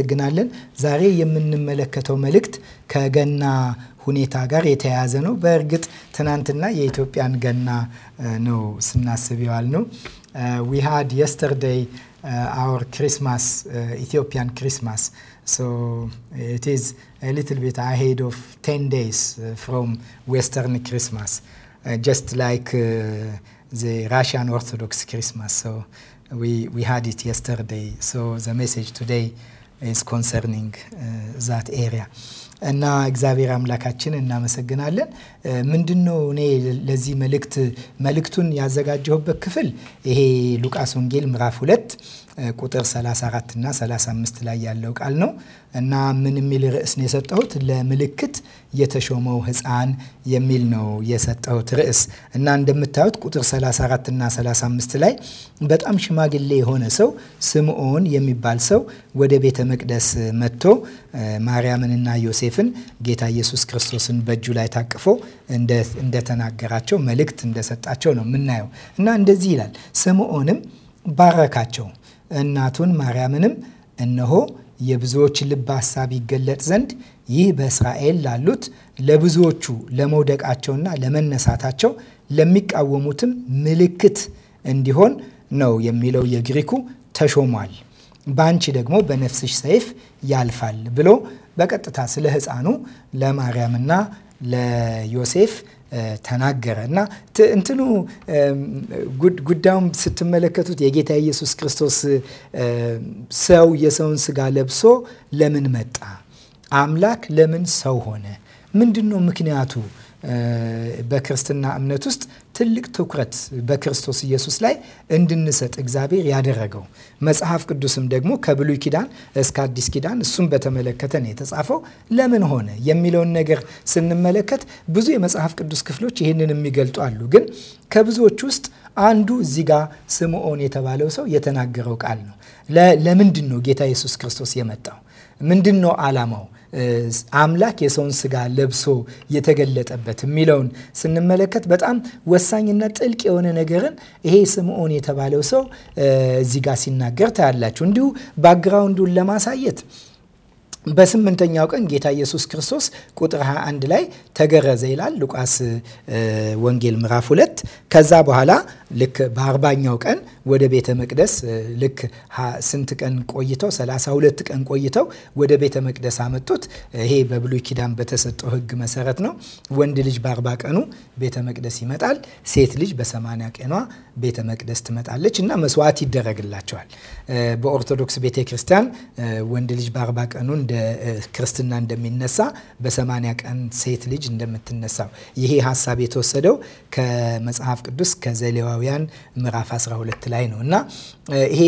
እናመሰግናለን። ዛሬ የምንመለከተው መልእክት ከገና ሁኔታ ጋር የተያያዘ ነው። በእርግጥ ትናንትና የኢትዮጵያን ገና ነው ስናስብ የዋል ነው ዊ ሃድ የስተርደይ አወር ክሪስማስ ኢትዮጵያን ክሪስማስ ሶ ኢት ኢዝ ሊትል ቢት አሄድ ኦፍ ቴን ዴይስ ፍሮም ዌስተርን ክሪስማስ ጀስት ላይክ ዘ ራሽያን ኦርቶዶክስ ክሪስማስ ሶ we, we had it yesterday. So the message today ኢዝ ኮንሰርኒንግ ዛት ኤሪያ እና እግዚአብሔር አምላካችን እናመሰግናለን። uh, ምንድን ነው እኔ ለዚህ መልእክት መልእክቱን ያዘጋጀሁበት ክፍል ይሄ ሉቃስ ወንጌል ምዕራፍ ሁለት ቁጥር 34 እና 35 ላይ ያለው ቃል ነው እና ምን የሚል ርዕስ ነው የሰጠሁት? ለምልክት የተሾመው ሕፃን የሚል ነው የሰጠሁት ርዕስ እና እንደምታዩት ቁጥር 34 እና 35 ላይ በጣም ሽማግሌ የሆነ ሰው ስምዖን የሚባል ሰው ወደ ቤተ መቅደስ መጥቶ ማርያምንና ዮሴፍን ጌታ ኢየሱስ ክርስቶስን በእጁ ላይ ታቅፎ እንደተናገራቸው መልእክት እንደሰጣቸው ነው የምናየው እና እንደዚህ ይላል ስምዖንም ባረካቸው እናቱን ማርያምንም እነሆ የብዙዎች ልብ ሀሳብ ይገለጥ ዘንድ ይህ በእስራኤል ላሉት ለብዙዎቹ ለመውደቃቸውና ለመነሳታቸው ለሚቃወሙትም ምልክት እንዲሆን ነው የሚለው የግሪኩ ተሾሟል። በአንቺ ደግሞ በነፍስሽ ሰይፍ ያልፋል ብሎ በቀጥታ ስለ ሕፃኑ ለማርያምና ለዮሴፍ ተናገረ እና እንትኑ ጉዳዩም ስትመለከቱት የጌታ ኢየሱስ ክርስቶስ ሰው የሰውን ስጋ ለብሶ ለምን መጣ? አምላክ ለምን ሰው ሆነ? ምንድን ነው ምክንያቱ በክርስትና እምነት ውስጥ ትልቅ ትኩረት በክርስቶስ ኢየሱስ ላይ እንድንሰጥ እግዚአብሔር ያደረገው መጽሐፍ ቅዱስም ደግሞ ከብሉይ ኪዳን እስከ አዲስ ኪዳን እሱን በተመለከተ ነው የተጻፈው። ለምን ሆነ የሚለውን ነገር ስንመለከት ብዙ የመጽሐፍ ቅዱስ ክፍሎች ይህንን የሚገልጡ አሉ። ግን ከብዙዎች ውስጥ አንዱ እዚህ ስምዖን የተባለው ሰው የተናገረው ቃል ነው። ለምንድን ነው ጌታ ኢየሱስ ክርስቶስ የመጣው? ምንድን ነው ዓላማው? አምላክ የሰውን ስጋ ለብሶ የተገለጠበት የሚለውን ስንመለከት በጣም ወሳኝና ጥልቅ የሆነ ነገርን ይሄ ስምዖን የተባለው ሰው እዚህ ጋር ሲናገር ታያላችሁ። እንዲሁ ባክግራውንዱን ለማሳየት በስምንተኛው ቀን ጌታ ኢየሱስ ክርስቶስ ቁጥር 21 ላይ ተገረዘ ይላል ሉቃስ ወንጌል ምዕራፍ 2። ከዛ በኋላ ልክ በአርባኛው ቀን ወደ ቤተ መቅደስ ልክ ስንት ቀን ቆይተው 32 ቀን ቆይተው ወደ ቤተ መቅደስ አመጡት። ይሄ በብሉይ ኪዳን በተሰጠው ህግ መሰረት ነው። ወንድ ልጅ በአርባ ቀኑ ቤተ መቅደስ ይመጣል። ሴት ልጅ በ80 ቀኗ ቤተ መቅደስ ትመጣለች እና መስዋዕት ይደረግላቸዋል። በኦርቶዶክስ ቤተ ክርስቲያን ወንድ ልጅ በአርባ ቀኑ እንደ ክርስትና እንደሚነሳ በሰማንያ ቀን ሴት ልጅ እንደምትነሳው ይሄ ሀሳብ የተወሰደው ከመጽሐፍ ቅዱስ ከዘሌዋውያን ምዕራፍ 12 ላይ ነው እና ይሄ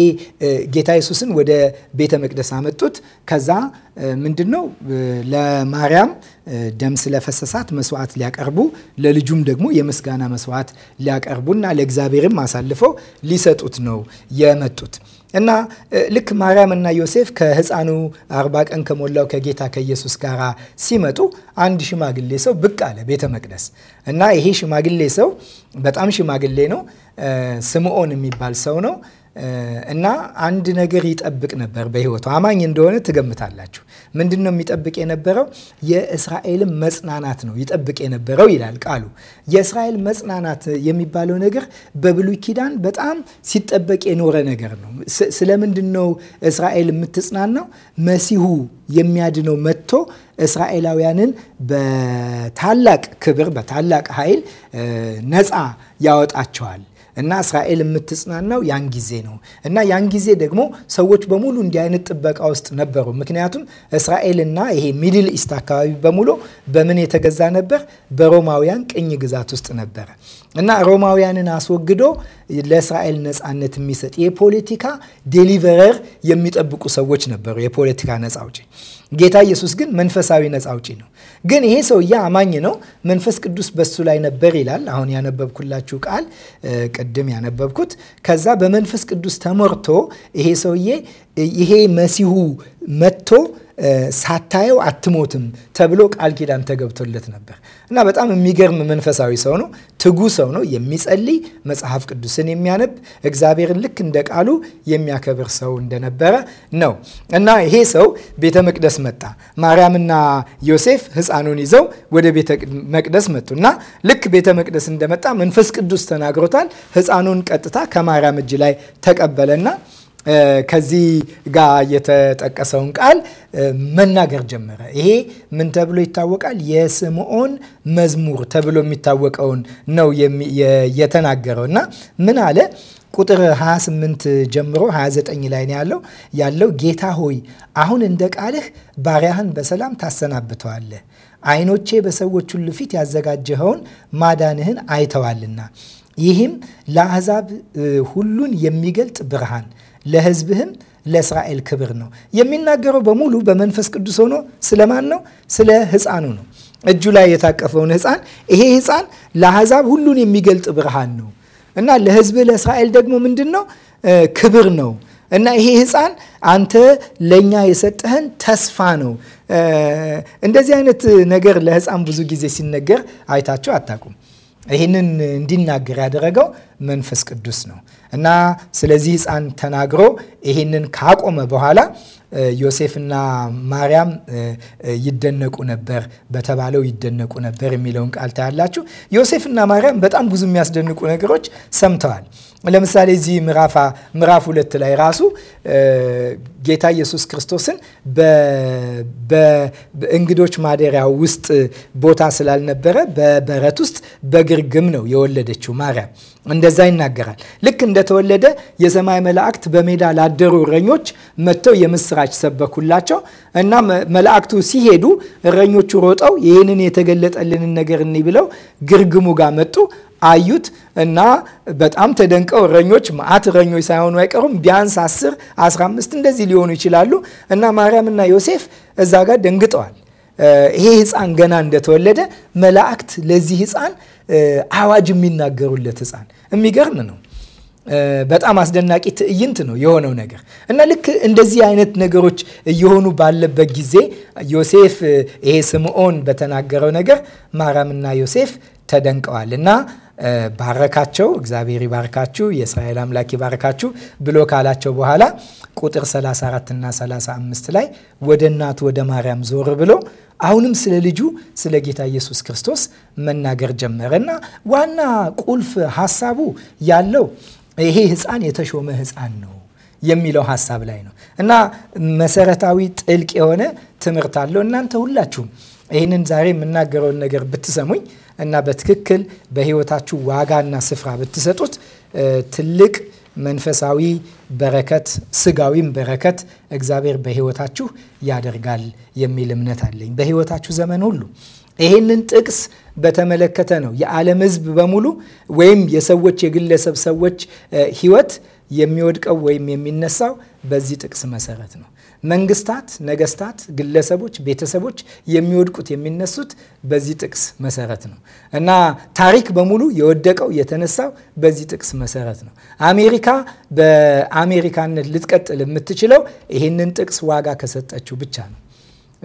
ጌታ ኢየሱስን ወደ ቤተ መቅደስ አመጡት። ከዛ ምንድን ነው ለማርያም ደም ስለፈሰሳት መስዋዕት ሊያቀርቡ ለልጁም ደግሞ የምስጋና መስዋዕት ሊያቀርቡና ለእግዚአብሔርም አሳልፈው ሊሰጡት ነው የመጡት እና ልክ ማርያም እና ዮሴፍ ከህፃኑ አርባ ቀን ከሞላው ከጌታ ከኢየሱስ ጋር ሲመጡ አንድ ሽማግሌ ሰው ብቅ አለ ቤተ መቅደስ እና ይሄ ሽማግሌ ሰው በጣም ሽማግሌ ነው። ስምዖን የሚባል ሰው ነው። እና አንድ ነገር ይጠብቅ ነበር በህይወቱ። አማኝ እንደሆነ ትገምታላችሁ። ምንድን ነው የሚጠብቅ የነበረው? የእስራኤልን መጽናናት ነው ይጠብቅ የነበረው ይላል ቃሉ። የእስራኤል መጽናናት የሚባለው ነገር በብሉይ ኪዳን በጣም ሲጠበቅ የኖረ ነገር ነው። ስለምንድን ነው እስራኤል የምትጽናናው? መሲሁ የሚያድነው መጥቶ እስራኤላውያንን በታላቅ ክብር በታላቅ ኃይል ነፃ ያወጣቸዋል እና እስራኤል የምትጽናናው ያን ጊዜ ነው እና ያን ጊዜ ደግሞ ሰዎች በሙሉ እንዲህ አይነት ጥበቃ ውስጥ ነበሩ። ምክንያቱም እስራኤልና ይሄ ሚድል ኢስት አካባቢ በሙሉ በምን የተገዛ ነበር? በሮማውያን ቅኝ ግዛት ውስጥ ነበረ እና ሮማውያንን አስወግዶ ለእስራኤል ነፃነት የሚሰጥ የፖለቲካ ዴሊቨረር የሚጠብቁ ሰዎች ነበሩ፣ የፖለቲካ ነፃ አውጪ ጌታ ኢየሱስ ግን መንፈሳዊ ነፃ አውጪ ነው። ግን ይሄ ሰውዬ አማኝ ነው፣ መንፈስ ቅዱስ በሱ ላይ ነበር ይላል። አሁን ያነበብኩላችሁ ቃል ቅድም ያነበብኩት ከዛ በመንፈስ ቅዱስ ተሞርቶ ይሄ ሰውዬ ይሄ መሲሁ መጥቶ ሳታየው አትሞትም ተብሎ ቃል ኪዳን ተገብቶለት ነበር እና በጣም የሚገርም መንፈሳዊ ሰው ነው። ትጉ ሰው ነው። የሚጸልይ መጽሐፍ ቅዱስን የሚያነብ እግዚአብሔርን ልክ እንደ ቃሉ የሚያከብር ሰው እንደነበረ ነው እና ይሄ ሰው ቤተ መቅደስ መጣ። ማርያምና ዮሴፍ ሕፃኑን ይዘው ወደ ቤተ መቅደስ መጡ እና ልክ ቤተ መቅደስ እንደመጣ መንፈስ ቅዱስ ተናግሮታል። ሕፃኑን ቀጥታ ከማርያም እጅ ላይ ተቀበለና ከዚህ ጋር የተጠቀሰውን ቃል መናገር ጀመረ። ይሄ ምን ተብሎ ይታወቃል? የስምዖን መዝሙር ተብሎ የሚታወቀውን ነው የተናገረው እና ምን አለ? ቁጥር 28 ጀምሮ 29 ላይ ነው ያለው ያለው ጌታ ሆይ አሁን እንደ ቃልህ ባሪያህን በሰላም ታሰናብተዋለህ። ዓይኖቼ በሰዎች ሁሉ ፊት ያዘጋጀኸውን ማዳንህን አይተዋልና ይህም ለአሕዛብ ሁሉን የሚገልጥ ብርሃን ለህዝብህም ለእስራኤል ክብር ነው። የሚናገረው በሙሉ በመንፈስ ቅዱስ ሆኖ ስለማን ነው? ስለ ህፃኑ ነው። እጁ ላይ የታቀፈውን ህፃን ይሄ ህፃን ለአሕዛብ ሁሉን የሚገልጥ ብርሃን ነው እና ለህዝብህ ለእስራኤል ደግሞ ምንድን ነው? ክብር ነው እና ይሄ ህፃን አንተ ለእኛ የሰጠህን ተስፋ ነው። እንደዚህ አይነት ነገር ለህፃን ብዙ ጊዜ ሲነገር አይታችሁ አታውቁም። ይህንን እንዲናገር ያደረገው መንፈስ ቅዱስ ነው። እና ስለዚህ ህፃን ተናግሮ ይሄንን ካቆመ በኋላ ዮሴፍና ማርያም ይደነቁ ነበር በተባለው ይደነቁ ነበር የሚለውን ቃል ታያላችሁ። ዮሴፍና ማርያም በጣም ብዙ የሚያስደንቁ ነገሮች ሰምተዋል። ለምሳሌ እዚህ ምዕራፍ ሁለት ላይ ራሱ ጌታ ኢየሱስ ክርስቶስን በእንግዶች ማደሪያ ውስጥ ቦታ ስላልነበረ በበረት ውስጥ በግርግም ነው የወለደችው ማርያም። እንደዛ ይናገራል። ልክ እንደተወለደ የሰማይ መላእክት በሜዳ ላደሩ እረኞች መጥተው የምስራች ሰበኩላቸው እና መላእክቱ ሲሄዱ እረኞቹ ሮጠው ይህንን የተገለጠልንን ነገር እኒ ብለው ግርግሙ ጋር መጡ። አዩት እና በጣም ተደንቀው እረኞች መዓት እረኞች ሳይሆኑ አይቀሩም። ቢያንስ 10 15 እንደዚህ ሊሆኑ ይችላሉ። እና ማርያምና ዮሴፍ እዛ ጋር ደንግጠዋል። ይሄ ሕፃን ገና እንደተወለደ መላእክት ለዚህ ሕፃን አዋጅ የሚናገሩለት ሕፃን የሚገርም ነው። በጣም አስደናቂ ትዕይንት ነው የሆነው ነገር እና ልክ እንደዚህ አይነት ነገሮች እየሆኑ ባለበት ጊዜ ዮሴፍ ይሄ ስምዖን በተናገረው ነገር ማርያምና ዮሴፍ ተደንቀዋል እና ባረካቸው። እግዚአብሔር ይባርካችሁ፣ የእስራኤል አምላክ ይባርካችሁ ብሎ ካላቸው በኋላ ቁጥር 34 እና 35 ላይ ወደ እናቱ ወደ ማርያም ዞር ብሎ አሁንም ስለ ልጁ ስለ ጌታ ኢየሱስ ክርስቶስ መናገር ጀመረ እና ዋና ቁልፍ ሀሳቡ ያለው ይሄ ህፃን የተሾመ ህፃን ነው የሚለው ሀሳብ ላይ ነው እና መሰረታዊ ጥልቅ የሆነ ትምህርት አለው። እናንተ ሁላችሁም ይህንን ዛሬ የምናገረውን ነገር ብትሰሙኝ እና በትክክል በህይወታችሁ ዋጋና ስፍራ ብትሰጡት ትልቅ መንፈሳዊ በረከት ስጋዊም በረከት እግዚአብሔር በህይወታችሁ ያደርጋል የሚል እምነት አለኝ። በህይወታችሁ ዘመን ሁሉ ይህንን ጥቅስ በተመለከተ ነው የዓለም ህዝብ በሙሉ ወይም የሰዎች የግለሰብ ሰዎች ህይወት የሚወድቀው ወይም የሚነሳው በዚህ ጥቅስ መሰረት ነው። መንግስታት፣ ነገስታት፣ ግለሰቦች፣ ቤተሰቦች የሚወድቁት የሚነሱት በዚህ ጥቅስ መሰረት ነው እና ታሪክ በሙሉ የወደቀው የተነሳው በዚህ ጥቅስ መሰረት ነው። አሜሪካ በአሜሪካነት ልትቀጥል የምትችለው ይህንን ጥቅስ ዋጋ ከሰጠችው ብቻ ነው።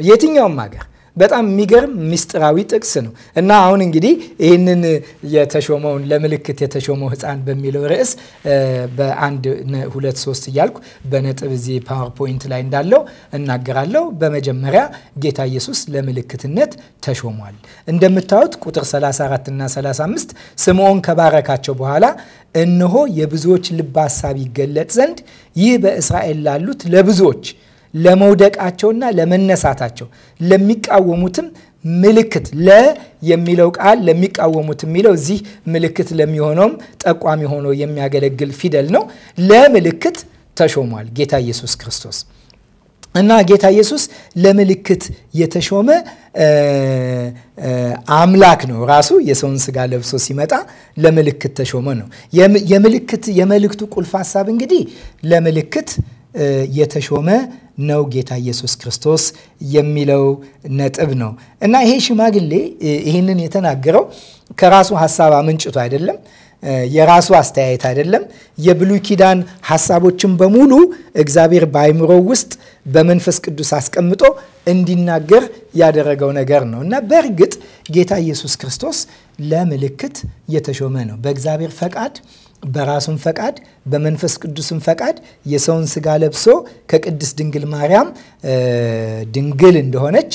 የትኛውም ሀገር በጣም የሚገርም ምስጢራዊ ጥቅስ ነው እና አሁን እንግዲህ ይህንን የተሾመውን ለምልክት የተሾመው ህፃን በሚለው ርዕስ በአንድ ሁለት ሶስት እያልኩ በነጥብ እዚህ ፓወርፖይንት ላይ እንዳለው እናገራለሁ። በመጀመሪያ ጌታ ኢየሱስ ለምልክትነት ተሾሟል። እንደምታዩት ቁጥር 34 እና 35 ስምዖን ከባረካቸው በኋላ እነሆ የብዙዎች ልብ ሀሳብ ይገለጥ ዘንድ ይህ በእስራኤል ላሉት ለብዙዎች ለመውደቃቸውና ለመነሳታቸው ለሚቃወሙትም ምልክት ለ የሚለው ቃል ለሚቃወሙት የሚለው እዚህ ምልክት ለሚሆነውም ጠቋሚ ሆኖ የሚያገለግል ፊደል ነው። ለምልክት ተሾሟል ጌታ ኢየሱስ ክርስቶስ እና ጌታ ኢየሱስ ለምልክት የተሾመ አምላክ ነው። ራሱ የሰውን ስጋ ለብሶ ሲመጣ ለምልክት ተሾመ ነው። የምልክት የመልእክቱ ቁልፍ ሀሳብ እንግዲህ ለምልክት የተሾመ ነው ጌታ ኢየሱስ ክርስቶስ የሚለው ነጥብ ነው እና ይሄ ሽማግሌ ይህንን የተናገረው ከራሱ ሀሳብ አመንጭቶ አይደለም። የራሱ አስተያየት አይደለም። የብሉይ ኪዳን ሀሳቦችን በሙሉ እግዚአብሔር በአይምሮ ውስጥ በመንፈስ ቅዱስ አስቀምጦ እንዲናገር ያደረገው ነገር ነው እና በእርግጥ ጌታ ኢየሱስ ክርስቶስ ለምልክት የተሾመ ነው በእግዚአብሔር ፈቃድ በራሱም ፈቃድ በመንፈስ ቅዱስም ፈቃድ የሰውን ስጋ ለብሶ ከቅድስት ድንግል ማርያም ድንግል እንደሆነች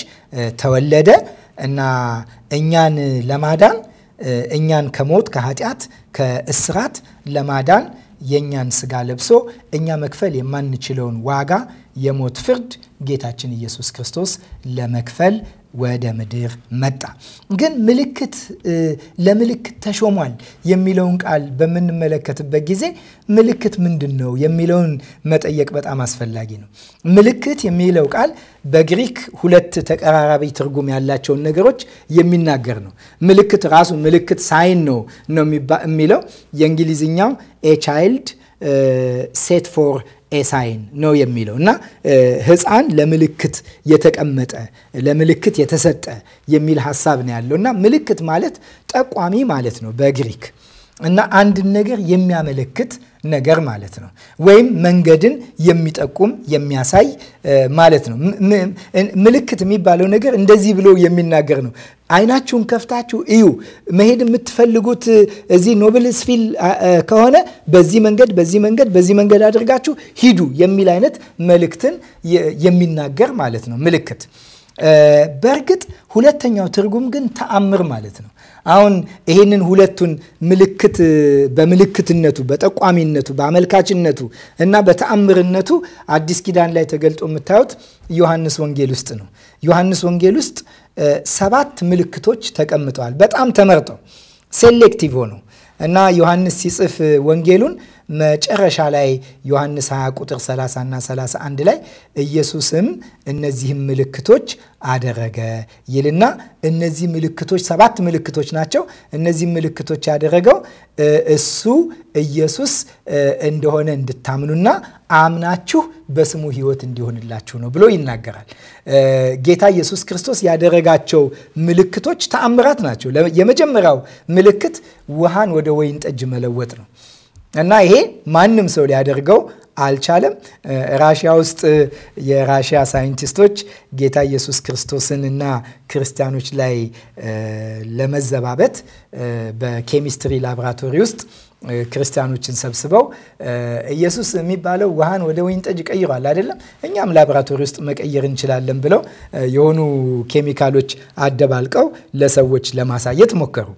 ተወለደ እና እኛን ለማዳን እኛን ከሞት ከኃጢአት ከእስራት ለማዳን የእኛን ስጋ ለብሶ እኛ መክፈል የማንችለውን ዋጋ የሞት ፍርድ ጌታችን ኢየሱስ ክርስቶስ ለመክፈል ወደ ምድር መጣ። ግን ምልክት ለምልክት ተሾሟል የሚለውን ቃል በምንመለከትበት ጊዜ ምልክት ምንድን ነው የሚለውን መጠየቅ በጣም አስፈላጊ ነው። ምልክት የሚለው ቃል በግሪክ ሁለት ተቀራራቢ ትርጉም ያላቸውን ነገሮች የሚናገር ነው። ምልክት ራሱ ምልክት ሳይን ነው ነው የሚለው የእንግሊዝኛው ኤ ቻይልድ ሴት ፎር ኤሳይን ነው የሚለው እና ህፃን ለምልክት የተቀመጠ ለምልክት የተሰጠ የሚል ሀሳብ ነው ያለው እና ምልክት ማለት ጠቋሚ ማለት ነው በግሪክ እና አንድን ነገር የሚያመለክት ነገር ማለት ነው። ወይም መንገድን የሚጠቁም የሚያሳይ ማለት ነው። ምልክት የሚባለው ነገር እንደዚህ ብሎ የሚናገር ነው። አይናችሁን ከፍታችሁ እዩ። መሄድ የምትፈልጉት እዚህ ኖብል ስፊል ከሆነ በዚህ መንገድ፣ በዚህ መንገድ፣ በዚህ መንገድ አድርጋችሁ ሂዱ የሚል አይነት መልእክትን የሚናገር ማለት ነው ምልክት በእርግጥ ሁለተኛው ትርጉም ግን ተአምር ማለት ነው። አሁን ይህንን ሁለቱን ምልክት በምልክትነቱ፣ በጠቋሚነቱ፣ በአመልካችነቱ እና በተአምርነቱ አዲስ ኪዳን ላይ ተገልጦ የምታዩት ዮሐንስ ወንጌል ውስጥ ነው። ዮሐንስ ወንጌል ውስጥ ሰባት ምልክቶች ተቀምጠዋል። በጣም ተመርጠው ሴሌክቲቭ ሆኖ እና ዮሐንስ ሲጽፍ ወንጌሉን መጨረሻ ላይ ዮሐንስ 20 ቁጥር 30 እና 31 ላይ ኢየሱስም እነዚህም ምልክቶች አደረገ ይልና እነዚህ ምልክቶች ሰባት ምልክቶች ናቸው። እነዚህ ምልክቶች ያደረገው እሱ ኢየሱስ እንደሆነ እንድታምኑና አምናችሁ በስሙ ሕይወት እንዲሆንላችሁ ነው ብሎ ይናገራል። ጌታ ኢየሱስ ክርስቶስ ያደረጋቸው ምልክቶች ተአምራት ናቸው። የመጀመሪያው ምልክት ውሃን ወደ ወይን ጠጅ መለወጥ ነው። እና ይሄ ማንም ሰው ሊያደርገው አልቻለም። ራሽያ ውስጥ የራሽያ ሳይንቲስቶች ጌታ ኢየሱስ ክርስቶስን እና ክርስቲያኖች ላይ ለመዘባበት በኬሚስትሪ ላቦራቶሪ ውስጥ ክርስቲያኖችን ሰብስበው ኢየሱስ የሚባለው ውሃን ወደ ወይን ጠጅ ቀይሯል አይደለም፣ እኛም ላቦራቶሪ ውስጥ መቀየር እንችላለን ብለው የሆኑ ኬሚካሎች አደባልቀው ለሰዎች ለማሳየት ሞከሩ።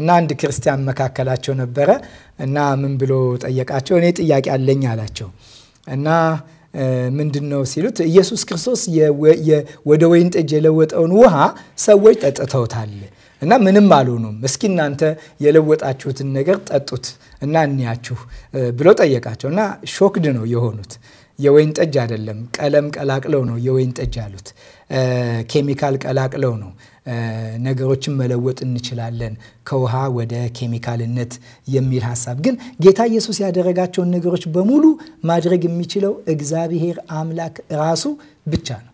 እና አንድ ክርስቲያን መካከላቸው ነበረ እና ምን ብሎ ጠየቃቸው። እኔ ጥያቄ አለኝ አላቸው እና ምንድን ነው ሲሉት ኢየሱስ ክርስቶስ ወደ ወይን ጠጅ የለወጠውን ውሃ ሰዎች ጠጥተውታል እና ምንም አልሆኑም። እስኪ እናንተ የለወጣችሁትን ነገር ጠጡት እና እንያችሁ ብሎ ጠየቃቸው እና ሾክድ ነው የሆኑት። የወይን ጠጅ አይደለም፣ ቀለም ቀላቅለው ነው የወይን ጠጅ አሉት። ኬሚካል ቀላቅለው ነው ነገሮችን መለወጥ እንችላለን ከውሃ ወደ ኬሚካልነት የሚል ሀሳብ ግን ጌታ ኢየሱስ ያደረጋቸውን ነገሮች በሙሉ ማድረግ የሚችለው እግዚአብሔር አምላክ ራሱ ብቻ ነው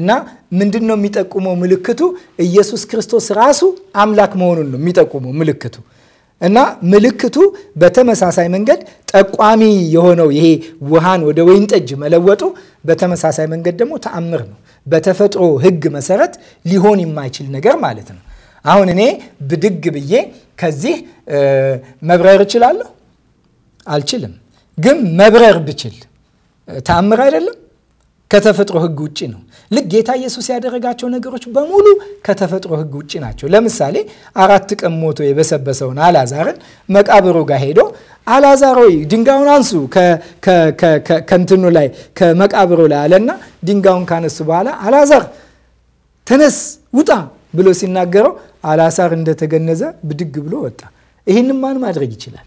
እና ምንድን ነው የሚጠቁመው ምልክቱ ኢየሱስ ክርስቶስ ራሱ አምላክ መሆኑን ነው የሚጠቁመው ምልክቱ እና ምልክቱ በተመሳሳይ መንገድ ጠቋሚ የሆነው ይሄ ውሃን ወደ ወይን ጠጅ መለወጡ በተመሳሳይ መንገድ ደግሞ ተአምር ነው። በተፈጥሮ ሕግ መሰረት ሊሆን የማይችል ነገር ማለት ነው። አሁን እኔ ብድግ ብዬ ከዚህ መብረር እችላለሁ? አልችልም። ግን መብረር ብችል ተአምር አይደለም? ከተፈጥሮ ሕግ ውጭ ነው። ልክ ጌታ ኢየሱስ ያደረጋቸው ነገሮች በሙሉ ከተፈጥሮ ሕግ ውጭ ናቸው። ለምሳሌ አራት ቀን ሞቶ የበሰበሰውን አላዛርን መቃብሩ ጋር ሄዶ አላዛሮ ድንጋዩን አንሱ ከንትኑ ላይ ከመቃብሩ ላይ አለና ድንጋዩን ካነሱ በኋላ አላዛር ተነስ ውጣ ብሎ ሲናገረው አላዛር እንደተገነዘ ብድግ ብሎ ወጣ። ይህን ማን ማድረግ ይችላል?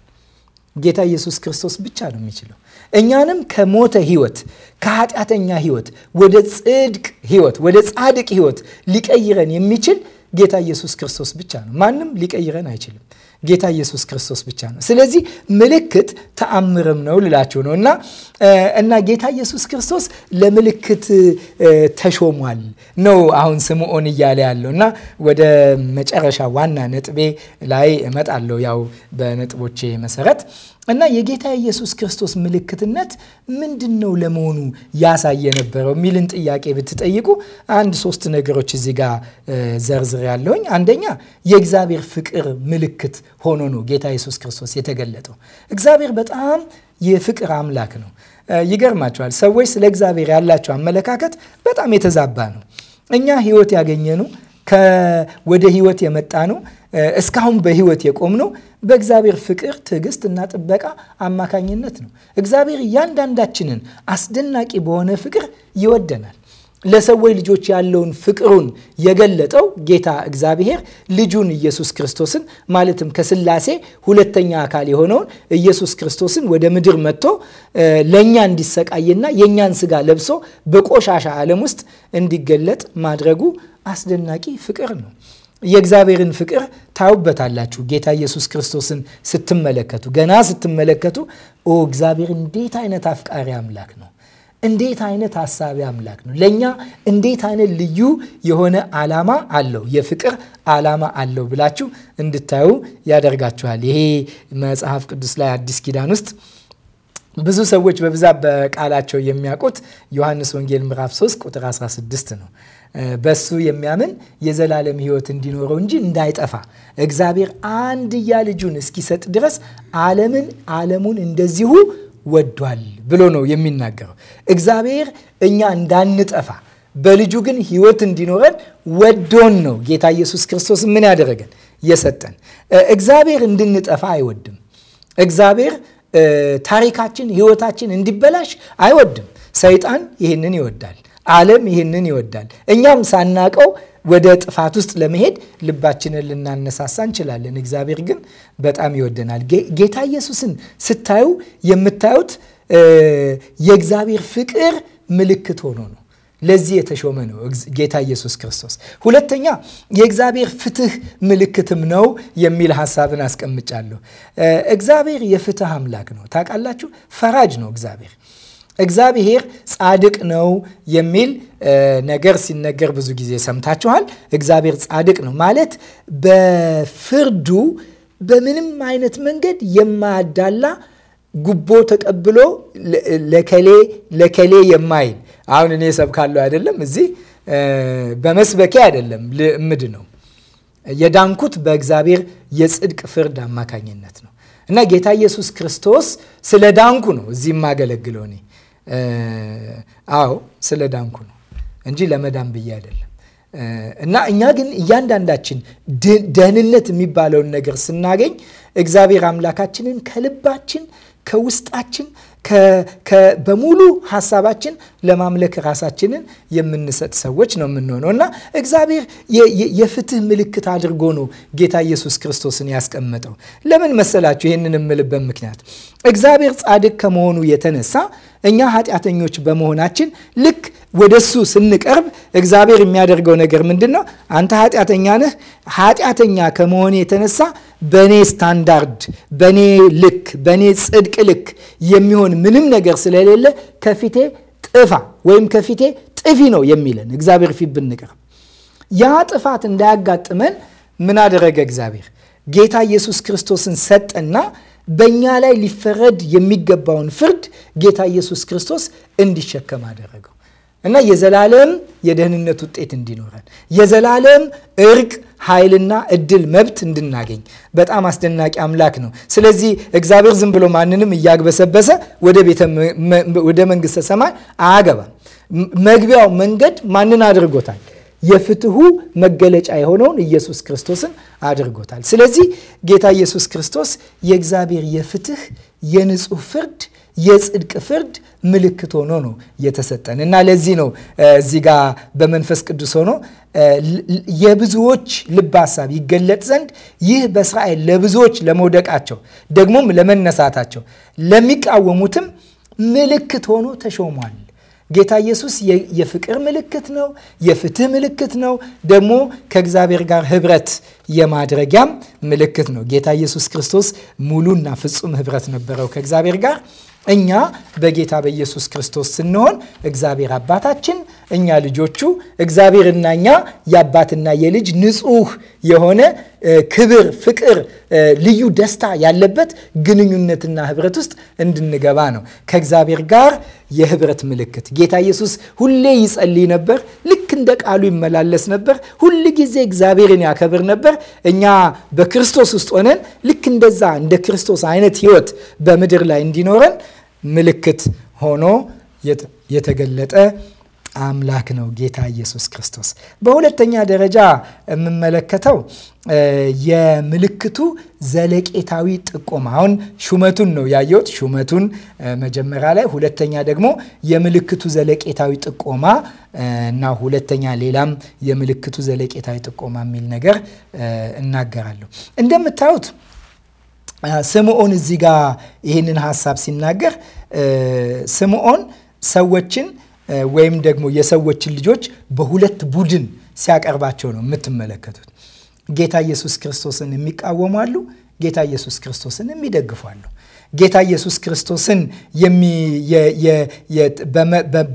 ጌታ ኢየሱስ ክርስቶስ ብቻ ነው የሚችለው። እኛንም ከሞተ ህይወት፣ ከኃጢአተኛ ህይወት ወደ ጽድቅ ህይወት፣ ወደ ጻድቅ ህይወት ሊቀይረን የሚችል ጌታ ኢየሱስ ክርስቶስ ብቻ ነው። ማንም ሊቀይረን አይችልም። ጌታ ኢየሱስ ክርስቶስ ብቻ ነው። ስለዚህ ምልክት ተአምርም ነው ልላችሁ ነው እና እና ጌታ ኢየሱስ ክርስቶስ ለምልክት ተሾሟል ነው አሁን ስምዖን እያለ ያለው እና ወደ መጨረሻ ዋና ነጥቤ ላይ እመጣለሁ ያው በነጥቦቼ መሰረት እና የጌታ ኢየሱስ ክርስቶስ ምልክትነት ምንድን ነው ለመሆኑ ያሳየ ነበረው የሚልን ጥያቄ ብትጠይቁ አንድ ሶስት ነገሮች እዚህ ጋር ዘርዝር ያለውኝ። አንደኛ የእግዚአብሔር ፍቅር ምልክት ሆኖ ነው ጌታ ኢየሱስ ክርስቶስ የተገለጠው። እግዚአብሔር በጣም የፍቅር አምላክ ነው። ይገርማቸዋል። ሰዎች ስለ እግዚአብሔር ያላቸው አመለካከት በጣም የተዛባ ነው። እኛ ህይወት ያገኘ ነው ወደ ህይወት የመጣ ነው። እስካሁን በህይወት የቆም ነው በእግዚአብሔር ፍቅር፣ ትዕግስት እና ጥበቃ አማካኝነት ነው። እግዚአብሔር እያንዳንዳችንን አስደናቂ በሆነ ፍቅር ይወደናል። ለሰዎች ልጆች ያለውን ፍቅሩን የገለጠው ጌታ እግዚአብሔር ልጁን ኢየሱስ ክርስቶስን ማለትም ከስላሴ ሁለተኛ አካል የሆነውን ኢየሱስ ክርስቶስን ወደ ምድር መጥቶ ለእኛ እንዲሰቃይና የእኛን ስጋ ለብሶ በቆሻሻ ዓለም ውስጥ እንዲገለጥ ማድረጉ አስደናቂ ፍቅር ነው። የእግዚአብሔርን ፍቅር ታዩበታላችሁ። ጌታ ኢየሱስ ክርስቶስን ስትመለከቱ፣ ገና ስትመለከቱ ኦ እግዚአብሔር እንዴት አይነት አፍቃሪ አምላክ ነው! እንዴት አይነት ሀሳቢ አምላክ ነው! ለእኛ እንዴት አይነት ልዩ የሆነ ዓላማ አለው፣ የፍቅር ዓላማ አለው ብላችሁ እንድታዩ ያደርጋችኋል። ይሄ መጽሐፍ ቅዱስ ላይ አዲስ ኪዳን ውስጥ ብዙ ሰዎች በብዛት በቃላቸው የሚያውቁት ዮሐንስ ወንጌል ምዕራፍ 3 ቁጥር 16 ነው። በሱ የሚያምን የዘላለም ህይወት እንዲኖረው እንጂ እንዳይጠፋ እግዚአብሔር አንድያ ልጁን እስኪሰጥ ድረስ ዓለምን ዓለሙን እንደዚሁ ወዷል ብሎ ነው የሚናገረው። እግዚአብሔር እኛ እንዳንጠፋ በልጁ ግን ህይወት እንዲኖረን ወዶን ነው ጌታ ኢየሱስ ክርስቶስ ምን ያደረገን የሰጠን። እግዚአብሔር እንድንጠፋ አይወድም። እግዚአብሔር ታሪካችን፣ ህይወታችን እንዲበላሽ አይወድም። ሰይጣን ይህንን ይወዳል። ዓለም ይህንን ይወዳል። እኛም ሳናቀው ወደ ጥፋት ውስጥ ለመሄድ ልባችንን ልናነሳሳ እንችላለን። እግዚአብሔር ግን በጣም ይወደናል። ጌታ ኢየሱስን ስታዩ የምታዩት የእግዚአብሔር ፍቅር ምልክት ሆኖ ነው። ለዚህ የተሾመ ነው ጌታ ኢየሱስ ክርስቶስ። ሁለተኛ የእግዚአብሔር ፍትህ ምልክትም ነው የሚል ሀሳብን አስቀምጫለሁ። እግዚአብሔር የፍትህ አምላክ ነው። ታውቃላችሁ፣ ፈራጅ ነው እግዚአብሔር እግዚአብሔር ጻድቅ ነው የሚል ነገር ሲነገር ብዙ ጊዜ ሰምታችኋል። እግዚአብሔር ጻድቅ ነው ማለት በፍርዱ በምንም አይነት መንገድ የማያዳላ ጉቦ ተቀብሎ ለከሌ ለከሌ የማይል አሁን እኔ ሰብካለሁ አይደለም፣ እዚህ በመስበኬ አይደለም ልምድ ነው የዳንኩት በእግዚአብሔር የጽድቅ ፍርድ አማካኝነት ነው እና ጌታ ኢየሱስ ክርስቶስ ስለ ዳንኩ ነው እዚህ የማገለግለው እኔ አዎ ስለ ዳንኩ ነው እንጂ ለመዳን ብዬ አይደለም። እና እኛ ግን እያንዳንዳችን ደህንነት የሚባለውን ነገር ስናገኝ እግዚአብሔር አምላካችንን ከልባችን ከውስጣችን በሙሉ ሀሳባችን ለማምለክ ራሳችንን የምንሰጥ ሰዎች ነው የምንሆነው እና እግዚአብሔር የፍትህ ምልክት አድርጎ ነው ጌታ ኢየሱስ ክርስቶስን ያስቀመጠው። ለምን መሰላችሁ? ይህንን የምልበት ምክንያት እግዚአብሔር ጻድቅ ከመሆኑ የተነሳ እኛ ኃጢአተኞች በመሆናችን ልክ ወደ እሱ ስንቀርብ እግዚአብሔር የሚያደርገው ነገር ምንድን ነው? አንተ ኃጢአተኛ ነህ። ኃጢአተኛ ከመሆን የተነሳ በእኔ ስታንዳርድ፣ በእኔ ልክ፣ በእኔ ጽድቅ ልክ የሚሆን ምንም ነገር ስለሌለ ከፊቴ ጥፋ ወይም ከፊቴ ጥፊ ነው የሚለን እግዚአብሔር ፊት ብንቀርብ ያ ጥፋት እንዳያጋጥመን ምን አደረገ እግዚአብሔር? ጌታ ኢየሱስ ክርስቶስን ሰጠና በእኛ ላይ ሊፈረድ የሚገባውን ፍርድ ጌታ ኢየሱስ ክርስቶስ እንዲሸከም አደረገው እና የዘላለም የደህንነት ውጤት እንዲኖረን የዘላለም እርቅ ኃይልና እድል መብት እንድናገኝ በጣም አስደናቂ አምላክ ነው። ስለዚህ እግዚአብሔር ዝም ብሎ ማንንም እያግበሰበሰ ወደ መንግስተ ሰማይ አያገባም። መግቢያው መንገድ ማንን አድርጎታል? የፍትሁ መገለጫ የሆነውን ኢየሱስ ክርስቶስን አድርጎታል። ስለዚህ ጌታ ኢየሱስ ክርስቶስ የእግዚአብሔር የፍትህ የንጹህ ፍርድ የጽድቅ ፍርድ ምልክት ሆኖ ነው የተሰጠን እና ለዚህ ነው እዚህ ጋ በመንፈስ ቅዱስ ሆኖ የብዙዎች ልብ ሀሳብ ይገለጥ ዘንድ ይህ በእስራኤል ለብዙዎች ለመውደቃቸው ደግሞም ለመነሳታቸው ለሚቃወሙትም ምልክት ሆኖ ተሾሟል ጌታ ኢየሱስ የፍቅር ምልክት ነው፣ የፍትህ ምልክት ነው፣ ደግሞ ከእግዚአብሔር ጋር ህብረት የማድረጊያም ምልክት ነው። ጌታ ኢየሱስ ክርስቶስ ሙሉና ፍጹም ህብረት ነበረው ከእግዚአብሔር ጋር። እኛ በጌታ በኢየሱስ ክርስቶስ ስንሆን እግዚአብሔር አባታችን፣ እኛ ልጆቹ፣ እግዚአብሔርና እኛ የአባትና የልጅ ንጹህ የሆነ ክብር፣ ፍቅር፣ ልዩ ደስታ ያለበት ግንኙነትና ህብረት ውስጥ እንድንገባ ነው ከእግዚአብሔር ጋር የህብረት ምልክት። ጌታ ኢየሱስ ሁሌ ይጸልይ ነበር። ልክ እንደ ቃሉ ይመላለስ ነበር። ሁል ጊዜ እግዚአብሔርን ያከብር ነበር። እኛ በክርስቶስ ውስጥ ሆነን ልክ እንደዛ እንደ ክርስቶስ አይነት ህይወት በምድር ላይ እንዲኖረን ምልክት ሆኖ የተገለጠ አምላክ ነው ጌታ ኢየሱስ ክርስቶስ። በሁለተኛ ደረጃ የምመለከተው የምልክቱ ዘለቄታዊ ጥቆማ አሁን ሹመቱን ነው ያየሁት። ሹመቱን መጀመሪያ ላይ፣ ሁለተኛ ደግሞ የምልክቱ ዘለቄታዊ ጥቆማ እና ሁለተኛ ሌላም የምልክቱ ዘለቄታዊ ጥቆማ የሚል ነገር እናገራለሁ። እንደምታዩት ስምዖን እዚህ ጋር ይህንን ሀሳብ ሲናገር ስምዖን ሰዎችን ወይም ደግሞ የሰዎችን ልጆች በሁለት ቡድን ሲያቀርባቸው ነው የምትመለከቱት። ጌታ ኢየሱስ ክርስቶስን የሚቃወሙ አሉ። ጌታ ኢየሱስ ክርስቶስን የሚደግፉ አሉ። ጌታ ኢየሱስ ክርስቶስን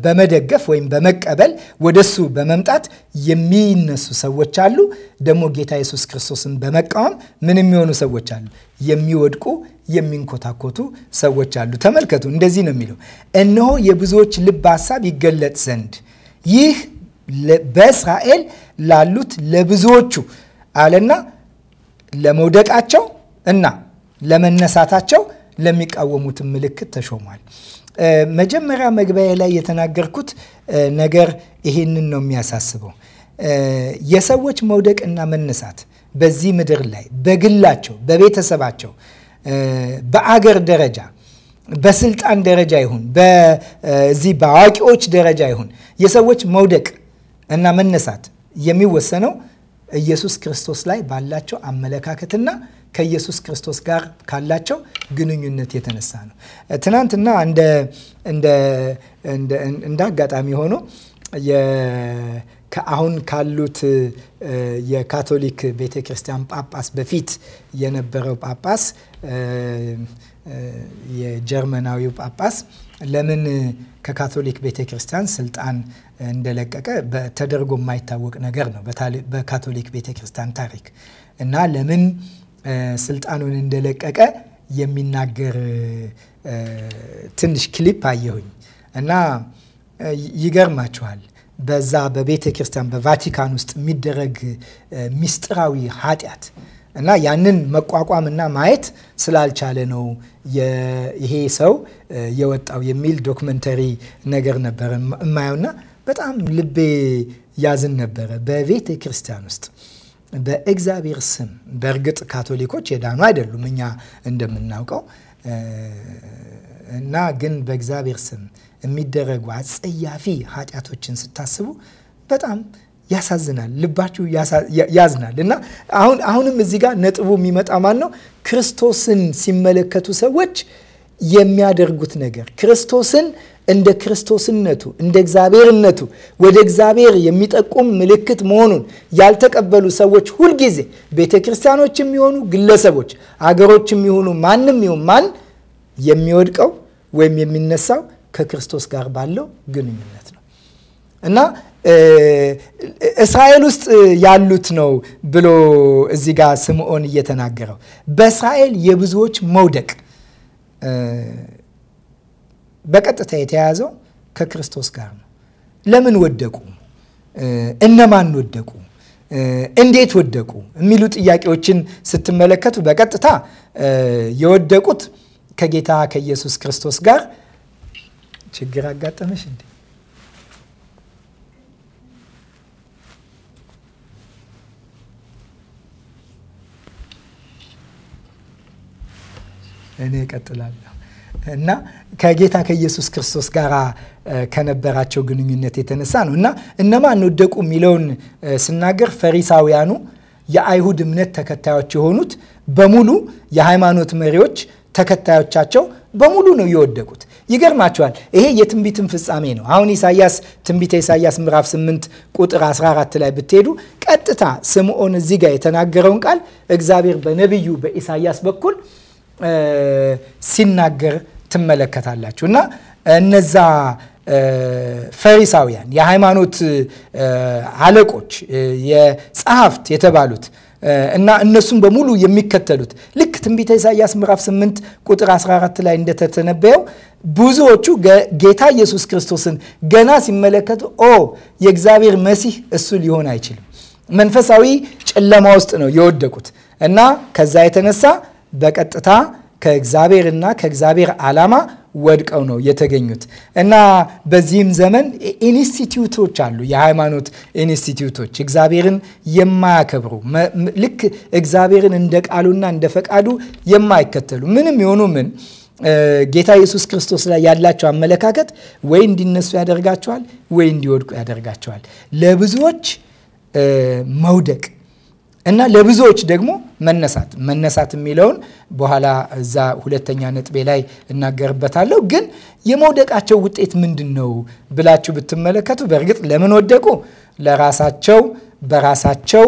በመደገፍ ወይም በመቀበል ወደሱ በመምጣት የሚነሱ ሰዎች አሉ። ደግሞ ጌታ ኢየሱስ ክርስቶስን በመቃወም ምን የሚሆኑ ሰዎች አሉ? የሚወድቁ የሚንኮታኮቱ ሰዎች አሉ። ተመልከቱ፣ እንደዚህ ነው የሚለው፣ እነሆ የብዙዎች ልብ ሀሳብ ይገለጥ ዘንድ ይህ በእስራኤል ላሉት ለብዙዎቹ አለና ለመውደቃቸው እና ለመነሳታቸው ለሚቃወሙት ምልክት ተሾሟል። መጀመሪያ መግቢያ ላይ የተናገርኩት ነገር ይሄንን ነው የሚያሳስበው። የሰዎች መውደቅና መነሳት በዚህ ምድር ላይ በግላቸው፣ በቤተሰባቸው፣ በአገር ደረጃ፣ በስልጣን ደረጃ ይሁን በዚህ በአዋቂዎች ደረጃ ይሁን የሰዎች መውደቅ እና መነሳት የሚወሰነው ኢየሱስ ክርስቶስ ላይ ባላቸው አመለካከትና ከኢየሱስ ክርስቶስ ጋር ካላቸው ግንኙነት የተነሳ ነው። ትናንትና እንደ አጋጣሚ ሆኖ አሁን ካሉት የካቶሊክ ቤተ ክርስቲያን ጳጳስ በፊት የነበረው ጳጳስ የጀርመናዊው ጳጳስ ለምን ከካቶሊክ ቤተ ክርስቲያን ስልጣን እንደለቀቀ ተደርጎ የማይታወቅ ነገር ነው በካቶሊክ ቤተ ክርስቲያን ታሪክ እና ለምን ስልጣኑን እንደለቀቀ የሚናገር ትንሽ ክሊፕ አየሁኝ እና ይገርማችኋል። በዛ በቤተ ክርስቲያን በቫቲካን ውስጥ የሚደረግ ሚስጥራዊ ኃጢአት እና ያንን መቋቋምና ማየት ስላልቻለ ነው ይሄ ሰው የወጣው የሚል ዶክመንተሪ ነገር ነበረ የማየውና በጣም ልቤ ያዝን ነበረ። በቤተ ክርስቲያን ውስጥ በእግዚአብሔር ስም በእርግጥ ካቶሊኮች የዳኑ አይደሉም እኛ እንደምናውቀው እና ግን በእግዚአብሔር ስም የሚደረጉ አጸያፊ ኃጢአቶችን ስታስቡ በጣም ያሳዝናል፣ ልባችሁ ያዝናል። እና አሁን አሁንም እዚህ ጋር ነጥቡ የሚመጣ ማን ነው? ክርስቶስን ሲመለከቱ ሰዎች የሚያደርጉት ነገር ክርስቶስን እንደ ክርስቶስነቱ እንደ እግዚአብሔርነቱ ወደ እግዚአብሔር የሚጠቁም ምልክት መሆኑን ያልተቀበሉ ሰዎች ሁልጊዜ ቤተ ክርስቲያኖች የሚሆኑ ግለሰቦች፣ አገሮች የሚሆኑ ማንም ይሁን ማን የሚወድቀው ወይም የሚነሳው ከክርስቶስ ጋር ባለው ግንኙነት ነው እና እስራኤል ውስጥ ያሉት ነው ብሎ እዚህ ጋር ስምዖን እየተናገረው በእስራኤል የብዙዎች መውደቅ በቀጥታ የተያያዘው ከክርስቶስ ጋር ነው። ለምን ወደቁ? እነማን ወደቁ? እንዴት ወደቁ? የሚሉ ጥያቄዎችን ስትመለከቱ በቀጥታ የወደቁት ከጌታ ከኢየሱስ ክርስቶስ ጋር ችግር አጋጠመሽ እንዴ? እኔ እቀጥላለሁ እና ከጌታ ከኢየሱስ ክርስቶስ ጋር ከነበራቸው ግንኙነት የተነሳ ነው። እና እነማን ወደቁ የሚለውን ስናገር ፈሪሳውያኑ፣ የአይሁድ እምነት ተከታዮች የሆኑት በሙሉ የሃይማኖት መሪዎች ተከታዮቻቸው በሙሉ ነው የወደቁት። ይገርማቸዋል። ይሄ የትንቢትም ፍጻሜ ነው። አሁን ኢሳያስ ትንቢተ ኢሳያስ ምዕራፍ 8 ቁጥር 14 ላይ ብትሄዱ ቀጥታ ስምዖን እዚህ ጋር የተናገረውን ቃል እግዚአብሔር በነቢዩ በኢሳያስ በኩል ሲናገር ትመለከታላችሁ እና እነዛ ፈሪሳውያን የሃይማኖት አለቆች የጸሐፍት የተባሉት እና እነሱም በሙሉ የሚከተሉት ልክ ትንቢተ ኢሳያስ ምዕራፍ 8 ቁጥር 14 ላይ እንደተተነበየው ብዙዎቹ ጌታ ኢየሱስ ክርስቶስን ገና ሲመለከቱ ኦ የእግዚአብሔር መሲህ እሱ ሊሆን አይችልም፣ መንፈሳዊ ጨለማ ውስጥ ነው የወደቁት እና ከዛ የተነሳ በቀጥታ ከእግዚአብሔርና ከእግዚአብሔር ዓላማ ወድቀው ነው የተገኙት እና በዚህም ዘመን ኢንስቲትዩቶች አሉ። የሃይማኖት ኢንስቲትዩቶች እግዚአብሔርን የማያከብሩ ልክ እግዚአብሔርን እንደ ቃሉና እንደ ፈቃዱ የማይከተሉ ምንም የሆኑ ምን ጌታ ኢየሱስ ክርስቶስ ላይ ያላቸው አመለካከት ወይ እንዲነሱ ያደርጋቸዋል ወይ እንዲወድቁ ያደርጋቸዋል። ለብዙዎች መውደቅ እና ለብዙዎች ደግሞ መነሳት መነሳት የሚለውን በኋላ እዛ ሁለተኛ ነጥቤ ላይ እናገርበታለሁ። ግን የመውደቃቸው ውጤት ምንድን ነው ብላችሁ ብትመለከቱ በእርግጥ ለምን ወደቁ? ለራሳቸው በራሳቸው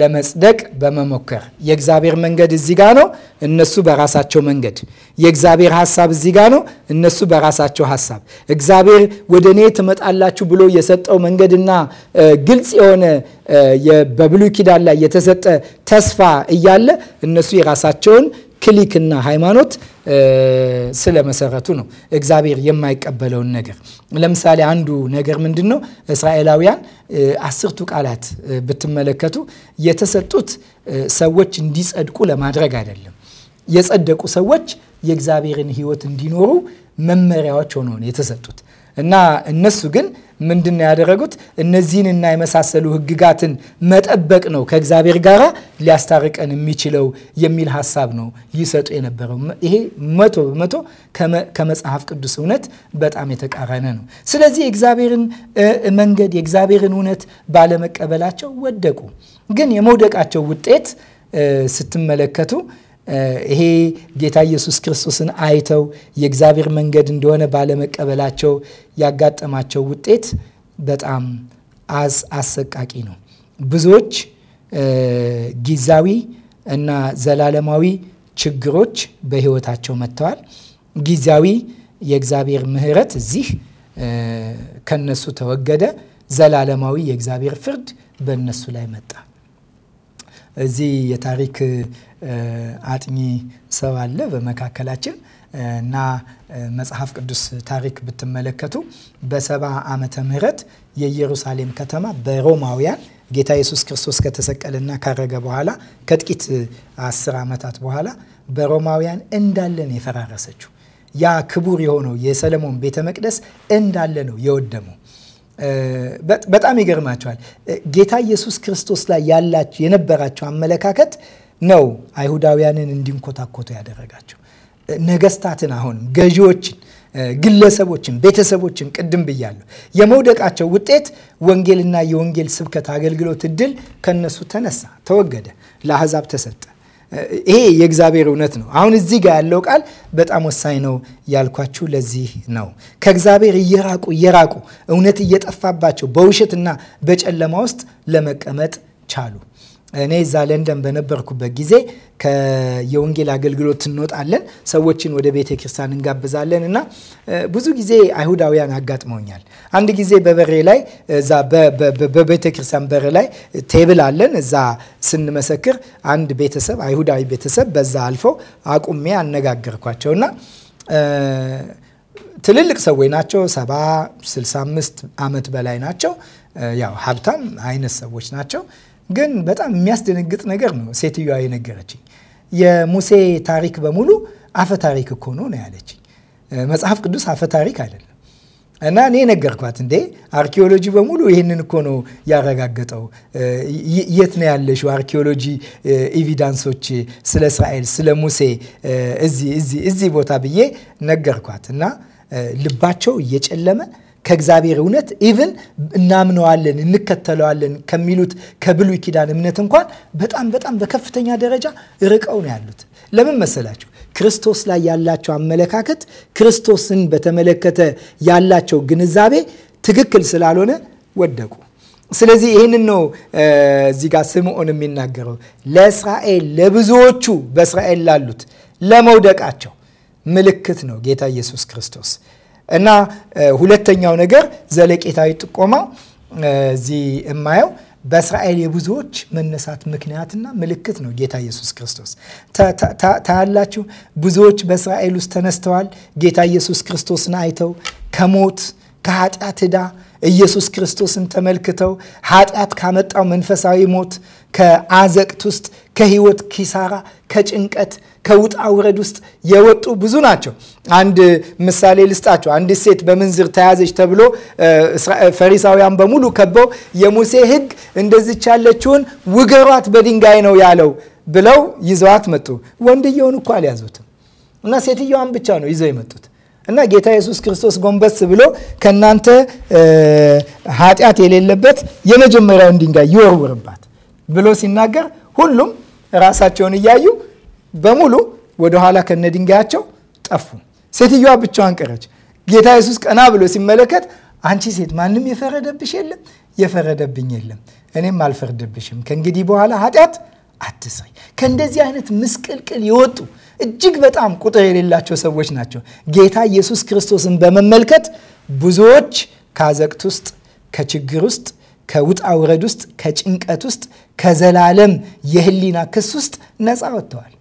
ለመጽደቅ በመሞከር የእግዚአብሔር መንገድ እዚህ ጋ ነው፣ እነሱ በራሳቸው መንገድ። የእግዚአብሔር ሀሳብ እዚህ ጋ ነው፣ እነሱ በራሳቸው ሀሳብ። እግዚአብሔር ወደ እኔ ትመጣላችሁ ብሎ የሰጠው መንገድና ግልጽ የሆነ በብሉይ ኪዳን ላይ የተሰጠ ተስፋ እያለ እነሱ የራሳቸውን ክሊክና ሃይማኖት ስለ መሰረቱ ነው። እግዚአብሔር የማይቀበለውን ነገር ለምሳሌ አንዱ ነገር ምንድን ነው? እስራኤላውያን አስርቱ ቃላት ብትመለከቱ የተሰጡት ሰዎች እንዲጸድቁ ለማድረግ አይደለም። የጸደቁ ሰዎች የእግዚአብሔርን ሕይወት እንዲኖሩ መመሪያዎች ሆነው ነው የተሰጡት። እና እነሱ ግን ምንድን ነው ያደረጉት? እነዚህንና የመሳሰሉ ህግጋትን መጠበቅ ነው ከእግዚአብሔር ጋር ሊያስታርቀን የሚችለው የሚል ሀሳብ ነው ይሰጡ የነበረው። ይሄ መቶ በመቶ ከመጽሐፍ ቅዱስ እውነት በጣም የተቃረነ ነው። ስለዚህ የእግዚአብሔርን መንገድ የእግዚአብሔርን እውነት ባለመቀበላቸው ወደቁ። ግን የመውደቃቸው ውጤት ስትመለከቱ ይሄ ጌታ ኢየሱስ ክርስቶስን አይተው የእግዚአብሔር መንገድ እንደሆነ ባለመቀበላቸው ያጋጠማቸው ውጤት በጣም አሰቃቂ ነው። ብዙዎች ጊዜያዊ እና ዘላለማዊ ችግሮች በህይወታቸው መጥተዋል። ጊዜያዊ የእግዚአብሔር ምሕረት እዚህ ከነሱ ተወገደ። ዘላለማዊ የእግዚአብሔር ፍርድ በእነሱ ላይ መጣ። እዚህ የታሪክ አጥኚ ሰው አለ በመካከላችን እና መጽሐፍ ቅዱስ ታሪክ ብትመለከቱ በሰባ ዓመተ ምህረት የኢየሩሳሌም ከተማ በሮማውያን ጌታ ኢየሱስ ክርስቶስ ከተሰቀለና ካረገ በኋላ ከጥቂት አስር ዓመታት በኋላ በሮማውያን እንዳለ ነው የፈራረሰችው። ያ ክቡር የሆነው የሰለሞን ቤተ መቅደስ እንዳለ ነው የወደመው። በጣም ይገርማቸዋል። ጌታ ኢየሱስ ክርስቶስ ላይ ያላቸው የነበራቸው አመለካከት ነው አይሁዳውያንን እንዲንኮታኮቱ ያደረጋቸው። ነገስታትን አሁንም ገዢዎችን፣ ግለሰቦችን፣ ቤተሰቦችን ቅድም ብያለሁ። የመውደቃቸው ውጤት ወንጌልና የወንጌል ስብከት አገልግሎት እድል ከነሱ ተነሳ፣ ተወገደ፣ ለአሕዛብ ተሰጠ። ይሄ የእግዚአብሔር እውነት ነው። አሁን እዚህ ጋር ያለው ቃል በጣም ወሳኝ ነው ያልኳችሁ ለዚህ ነው። ከእግዚአብሔር እየራቁ እየራቁ እውነት እየጠፋባቸው በውሸትና በጨለማ ውስጥ ለመቀመጥ ቻሉ። እኔ እዛ ለንደን በነበርኩበት ጊዜ የወንጌል አገልግሎት እንወጣለን፣ ሰዎችን ወደ ቤተ ክርስቲያን እንጋብዛለን እና ብዙ ጊዜ አይሁዳውያን አጋጥመውኛል። አንድ ጊዜ በበሬ ላይ እዛ በቤተ ክርስቲያን በር ላይ ቴብል አለን። እዛ ስንመሰክር አንድ ቤተሰብ አይሁዳዊ ቤተሰብ በዛ አልፈው አቁሜ እና ትልልቅ ሰዎች ናቸው። ሰባ ስልሳ አምስት ዓመት በላይ ናቸው። ያው ሀብታም አይነት ሰዎች ናቸው ግን በጣም የሚያስደነግጥ ነገር ነው ሴትዮዋ የነገረችኝ። የሙሴ ታሪክ በሙሉ አፈ ታሪክ እኮ ነው ነው ያለችኝ። መጽሐፍ ቅዱስ አፈ ታሪክ አይደለም። እና እኔ ነገርኳት፣ እንዴ አርኪኦሎጂ በሙሉ ይህንን እኮ ነው ያረጋገጠው። የት ነው ያለሽው? አርኪኦሎጂ ኤቪዳንሶች ስለ እስራኤል ስለ ሙሴ እዚህ ቦታ ብዬ ነገርኳት። እና ልባቸው እየጨለመ ከእግዚአብሔር እውነት ኢቭን እናምነዋለን እንከተለዋለን ከሚሉት ከብሉይ ኪዳን እምነት እንኳን በጣም በጣም በከፍተኛ ደረጃ ርቀው ነው ያሉት። ለምን መሰላችሁ? ክርስቶስ ላይ ያላቸው አመለካከት፣ ክርስቶስን በተመለከተ ያላቸው ግንዛቤ ትክክል ስላልሆነ ወደቁ። ስለዚህ ይህንን ነው እዚህ ጋር ስምዖን የሚናገረው ለእስራኤል ለብዙዎቹ በእስራኤል ላሉት ለመውደቃቸው ምልክት ነው ጌታ ኢየሱስ ክርስቶስ እና ሁለተኛው ነገር ዘለቄታዊ ጥቆማ እዚህ የማየው በእስራኤል የብዙዎች መነሳት ምክንያትና ምልክት ነው ጌታ ኢየሱስ ክርስቶስ። ታያላችሁ፣ ብዙዎች በእስራኤል ውስጥ ተነስተዋል። ጌታ ኢየሱስ ክርስቶስን አይተው ከሞት ከኃጢአት ዕዳ ኢየሱስ ክርስቶስን ተመልክተው ኃጢአት ካመጣው መንፈሳዊ ሞት ከአዘቅት ውስጥ ከህይወት ኪሳራ ከጭንቀት ከውጣ ውረድ ውስጥ የወጡ ብዙ ናቸው። አንድ ምሳሌ ልስጣቸው። አንድ ሴት በምንዝር ተያዘች ተብሎ ፈሪሳውያን በሙሉ ከበው የሙሴ ሕግ እንደዚች ያለችውን ውገሯት በድንጋይ ነው ያለው ብለው ይዘዋት መጡ። ወንድየውን እኮ አልያዙትም እና ሴትየዋን ብቻ ነው ይዘው የመጡት እና ጌታ ኢየሱስ ክርስቶስ ጎንበስ ብሎ ከእናንተ ኃጢአት የሌለበት የመጀመሪያውን ድንጋይ ይወርውርባት ብሎ ሲናገር ሁሉም ራሳቸውን እያዩ በሙሉ ወደኋላ ከነድንጋያቸው ጠፉ። ሴትዮዋ ብቻዋን ቀረች። ጌታ ኢየሱስ ቀና ብሎ ሲመለከት አንቺ ሴት ማንም የፈረደብሽ የለም፣ የፈረደብኝ የለም፣ እኔም አልፈርድብሽም። ከእንግዲህ በኋላ ኃጢአት አትስሪ። ከእንደዚህ አይነት ምስቅልቅል የወጡ እጅግ በጣም ቁጥር የሌላቸው ሰዎች ናቸው ጌታ ኢየሱስ ክርስቶስን በመመልከት ብዙዎች ከአዘቅት ውስጥ፣ ከችግር ውስጥ፣ ከውጣ ውረድ ውስጥ፣ ከጭንቀት ውስጥ፣ ከዘላለም የህሊና ክስ ውስጥ ነፃ ወጥተዋል።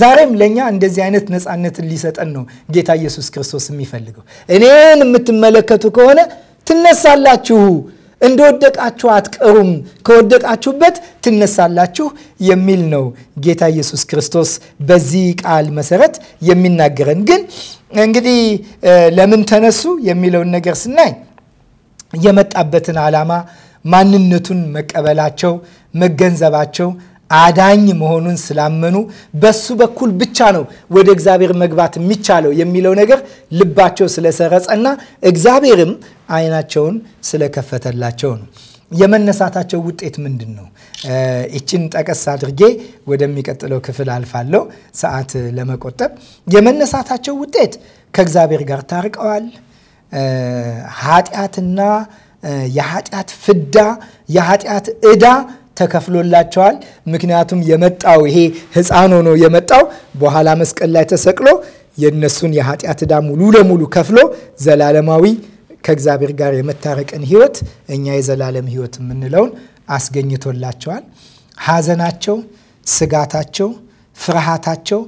ዛሬም ለእኛ እንደዚህ አይነት ነፃነትን ሊሰጠን ነው ጌታ ኢየሱስ ክርስቶስ የሚፈልገው። እኔን የምትመለከቱ ከሆነ ትነሳላችሁ፣ እንደወደቃችሁ አትቀሩም፣ ከወደቃችሁበት ትነሳላችሁ የሚል ነው ጌታ ኢየሱስ ክርስቶስ በዚህ ቃል መሰረት የሚናገረን። ግን እንግዲህ ለምን ተነሱ የሚለውን ነገር ስናይ የመጣበትን ዓላማ ማንነቱን መቀበላቸው መገንዘባቸው አዳኝ መሆኑን ስላመኑ በሱ በኩል ብቻ ነው ወደ እግዚአብሔር መግባት የሚቻለው የሚለው ነገር ልባቸው ስለሰረጸና እግዚአብሔርም አይናቸውን ስለከፈተላቸው ነው። የመነሳታቸው ውጤት ምንድን ነው? ይችን ጠቀስ አድርጌ ወደሚቀጥለው ክፍል አልፋለሁ ሰዓት ለመቆጠብ። የመነሳታቸው ውጤት ከእግዚአብሔር ጋር ታርቀዋል። ኃጢአትና የኃጢአት ፍዳ የኃጢአት ዕዳ ተከፍሎላቸዋል። ምክንያቱም የመጣው ይሄ ሕፃን ሆኖ የመጣው በኋላ መስቀል ላይ ተሰቅሎ የእነሱን የኃጢአት ዕዳ ሙሉ ለሙሉ ከፍሎ ዘላለማዊ ከእግዚአብሔር ጋር የመታረቅን ህይወት እኛ የዘላለም ህይወት የምንለውን አስገኝቶላቸዋል። ሐዘናቸው፣ ስጋታቸው፣ ፍርሃታቸው፣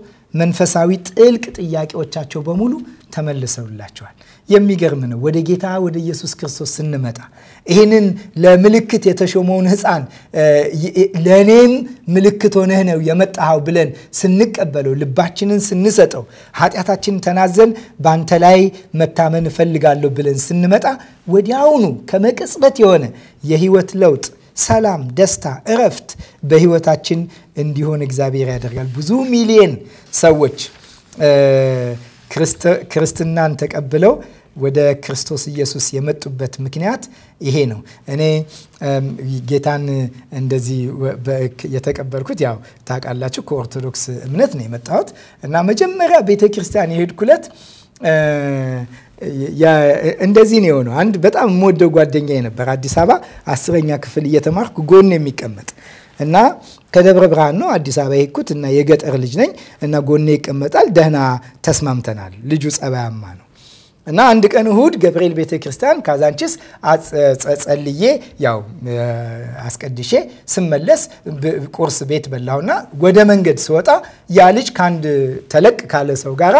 መንፈሳዊ ጥልቅ ጥያቄዎቻቸው በሙሉ ተመልሰውላቸዋል። የሚገርም ነው። ወደ ጌታ ወደ ኢየሱስ ክርስቶስ ስንመጣ ይህንን ለምልክት የተሾመውን ሕፃን ለእኔም ምልክት ሆነህ ነው የመጣኸው ብለን ስንቀበለው፣ ልባችንን ስንሰጠው፣ ኃጢአታችንን ተናዘን በአንተ ላይ መታመን እፈልጋለሁ ብለን ስንመጣ ወዲያውኑ ከመቅጽበት የሆነ የህይወት ለውጥ ሰላም፣ ደስታ፣ እረፍት በህይወታችን እንዲሆን እግዚአብሔር ያደርጋል። ብዙ ሚሊየን ሰዎች ክርስትናን ተቀብለው ወደ ክርስቶስ ኢየሱስ የመጡበት ምክንያት ይሄ ነው። እኔ ጌታን እንደዚህ የተቀበልኩት ያው ታውቃላችሁ ከኦርቶዶክስ እምነት ነው የመጣሁት እና መጀመሪያ ቤተ ክርስቲያን የሄድኩለት እንደዚህ ነው የሆነው። አንድ በጣም የምወደው ጓደኛ ነበር አዲስ አበባ አስረኛ ክፍል እየተማርኩ ጎን የሚቀመጥ እና ከደብረ ብርሃን ነው አዲስ አበባ የሄድኩት እና የገጠር ልጅ ነኝ እና ጎኔ ይቀመጣል። ደህና ተስማምተናል። ልጁ ጸባያማ ነው እና አንድ ቀን እሁድ ገብርኤል ቤተ ክርስቲያን ካዛንቺስ ጸልዬ ያው አስቀድሼ ስመለስ ቁርስ ቤት በላሁና ወደ መንገድ ስወጣ ያ ልጅ ከአንድ ተለቅ ካለ ሰው ጋራ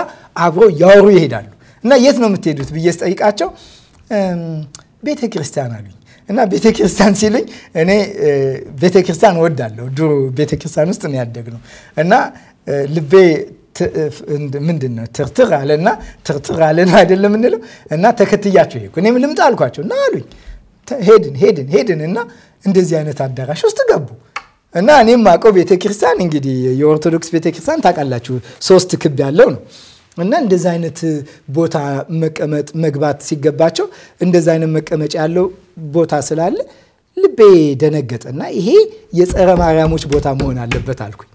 አብሮ ያወሩ ይሄዳሉ እና የት ነው የምትሄዱት ብዬ ስጠይቃቸው ቤተ ክርስቲያን አሉኝ። እና ቤተክርስቲያን ሲሉኝ እኔ ቤተክርስቲያን ወዳለሁ ድሮ ቤተክርስቲያን ውስጥ ነው ነው እና ልቤ ምንድን ነው ትርትር አለና ትርትር አለና አይደለም እንለው እና ተከትያቸው ሄድኩ። እኔም ልምጣ አልኳቸው እና አሉኝ። ሄድን ሄድን ሄድን እና እንደዚህ አይነት አዳራሽ ውስጥ ገቡ እና እኔም አውቀው ቤተክርስቲያን እንግዲህ የኦርቶዶክስ ቤተክርስቲያን ታውቃላችሁ፣ ሶስት ክብ ያለው ነው እና እንደዚህ አይነት ቦታ መቀመጥ መግባት ሲገባቸው እንደዚ አይነት መቀመጫ ያለው ቦታ ስላለ ልቤ ደነገጠ እና ይሄ የጸረ ማርያሞች ቦታ መሆን አለበት አልኩኝ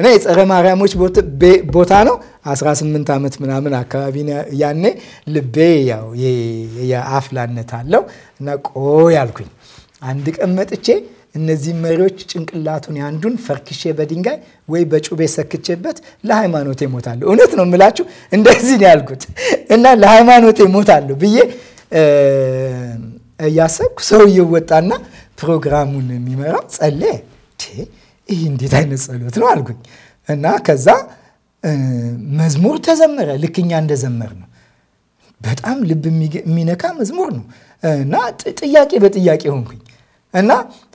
እና የጸረ ማርያሞች ቦታ ነው። 18 ዓመት ምናምን አካባቢ ያኔ ልቤ ያው የአፍላነት አለው እና ቆይ አልኩኝ አንድ ቀን መጥቼ እነዚህ መሪዎች ጭንቅላቱን ያንዱን ፈርክሼ በድንጋይ ወይ በጩቤ ሰክቼበት ለሃይማኖት እሞታለሁ። እውነት ነው የምላችሁ፣ እንደዚህ ነው ያልኩት እና ለሃይማኖት እሞታለሁ ብዬ እያሰብኩ ሰውዬው ወጣና ፕሮግራሙን የሚመራው ጸለየ። ይህ እንዴት አይነት ጸሎት ነው አልኩኝ እና ከዛ መዝሙር ተዘመረ። ልክኛ እንደዘመር ነው። በጣም ልብ የሚነካ መዝሙር ነው እና ጥያቄ በጥያቄ ሆንኩኝ እና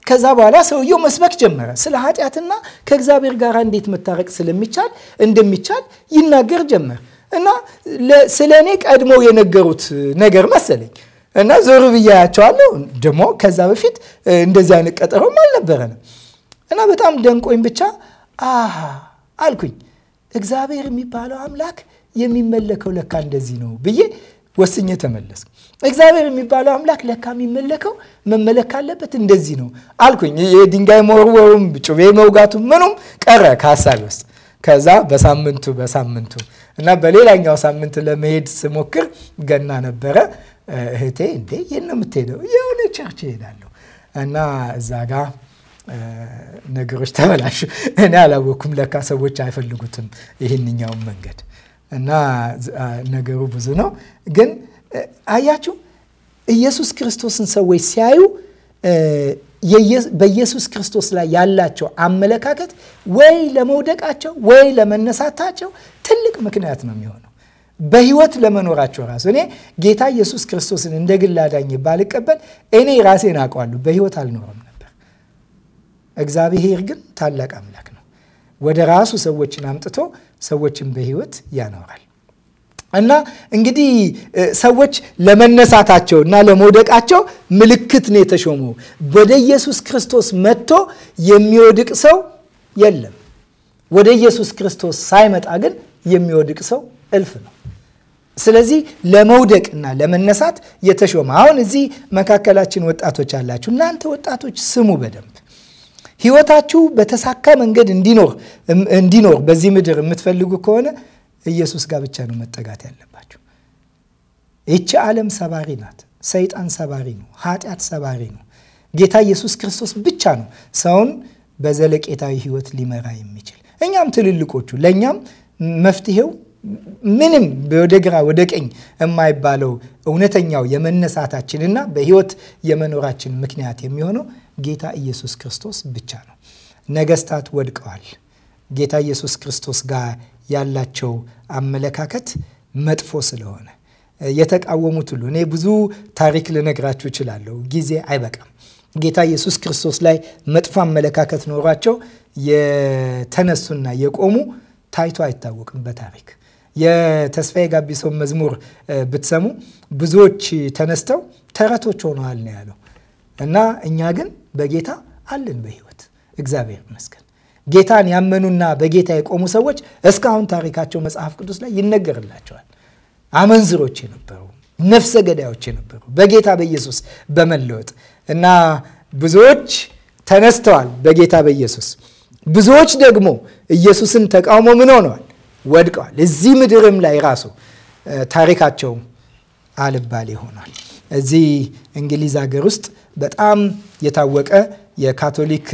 ከዛ በኋላ ሰውየው መስበክ ጀመረ። ስለ ኃጢአትና ከእግዚአብሔር ጋር እንዴት መታረቅ ስለሚቻል እንደሚቻል ይናገር ጀመር እና ስለ እኔ ቀድሞ የነገሩት ነገር መሰለኝ እና ዞር ብያያቸዋለሁ። ደግሞ ከዛ በፊት እንደዚህ አይነት ቀጠሮም አልነበረንም እና በጣም ደንቆኝ ብቻ አልኩኝ። እግዚአብሔር የሚባለው አምላክ የሚመለከው ለካ እንደዚህ ነው ብዬ ወስኜ ተመለስኩ። እግዚአብሔር የሚባለው አምላክ ለካ የሚመለከው መመለክ አለበት እንደዚህ ነው አልኩኝ። የድንጋይ መወርወሩም ጩቤ መውጋቱ ምኑም ቀረ ከሀሳቤ ውስጥ። ከዛ በሳምንቱ በሳምንቱ እና በሌላኛው ሳምንት ለመሄድ ስሞክር ገና ነበረ። እህቴ እንዴ የት ነው የምትሄደው? የሆነ ቸርች እሄዳለሁ እና እዛ ጋ ነገሮች ተበላሹ። እኔ አላወኩም። ለካ ሰዎች አይፈልጉትም ይህንኛውን መንገድ እና ነገሩ ብዙ ነው ግን አያችሁ፣ ኢየሱስ ክርስቶስን ሰዎች ሲያዩ በኢየሱስ ክርስቶስ ላይ ያላቸው አመለካከት ወይ ለመውደቃቸው ወይ ለመነሳታቸው ትልቅ ምክንያት ነው የሚሆነው በህይወት ለመኖራቸው ራሱ። እኔ ጌታ ኢየሱስ ክርስቶስን እንደ ግል አዳኝ ባልቀበል እኔ ራሴን አውቀዋለሁ፣ በህይወት አልኖርም ነበር። እግዚአብሔር ግን ታላቅ አምላክ ነው። ወደ ራሱ ሰዎችን አምጥቶ ሰዎችን በህይወት ያኖራል። እና እንግዲህ ሰዎች ለመነሳታቸው እና ለመውደቃቸው ምልክት ነው የተሾመው። ወደ ኢየሱስ ክርስቶስ መጥቶ የሚወድቅ ሰው የለም። ወደ ኢየሱስ ክርስቶስ ሳይመጣ ግን የሚወድቅ ሰው እልፍ ነው። ስለዚህ ለመውደቅ እና ለመነሳት የተሾመ አሁን እዚህ መካከላችን ወጣቶች አላችሁ። እናንተ ወጣቶች ስሙ በደንብ ህይወታችሁ በተሳካ መንገድ እንዲኖር እንዲኖር በዚህ ምድር የምትፈልጉ ከሆነ ኢየሱስ ጋር ብቻ ነው መጠጋት ያለባቸው። ይቺ ዓለም ሰባሪ ናት። ሰይጣን ሰባሪ ነው። ኃጢአት ሰባሪ ነው። ጌታ ኢየሱስ ክርስቶስ ብቻ ነው ሰውን በዘለቄታዊ ሕይወት ሊመራ የሚችል። እኛም ትልልቆቹ ለእኛም መፍትሄው ምንም ወደ ግራ ወደ ቀኝ የማይባለው እውነተኛው የመነሳታችንና በሕይወት የመኖራችን ምክንያት የሚሆነው ጌታ ኢየሱስ ክርስቶስ ብቻ ነው። ነገስታት ወድቀዋል። ጌታ ኢየሱስ ክርስቶስ ጋር ያላቸው አመለካከት መጥፎ ስለሆነ የተቃወሙት ሁሉ እኔ ብዙ ታሪክ ልነግራችሁ እችላለሁ፣ ጊዜ አይበቃም። ጌታ ኢየሱስ ክርስቶስ ላይ መጥፎ አመለካከት ኖሯቸው የተነሱና የቆሙ ታይቶ አይታወቅም በታሪክ የተስፋዬ ጋቢሶን መዝሙር ብትሰሙ ብዙዎች ተነስተው ተረቶች ሆነዋል ነው ያለው እና እኛ ግን በጌታ አለን በህይወት እግዚአብሔር ይመስገን። ጌታን ያመኑና በጌታ የቆሙ ሰዎች እስካሁን ታሪካቸው መጽሐፍ ቅዱስ ላይ ይነገርላቸዋል። አመንዝሮች የነበሩ፣ ነፍሰ ገዳዮች የነበሩ በጌታ በኢየሱስ በመለወጥ እና ብዙዎች ተነስተዋል። በጌታ በኢየሱስ ብዙዎች ደግሞ ኢየሱስን ተቃውሞ ምን ሆነዋል? ወድቀዋል። እዚህ ምድርም ላይ ራሱ ታሪካቸው አልባሌ ሆኗል። እዚህ እንግሊዝ ሀገር ውስጥ በጣም የታወቀ የካቶሊክ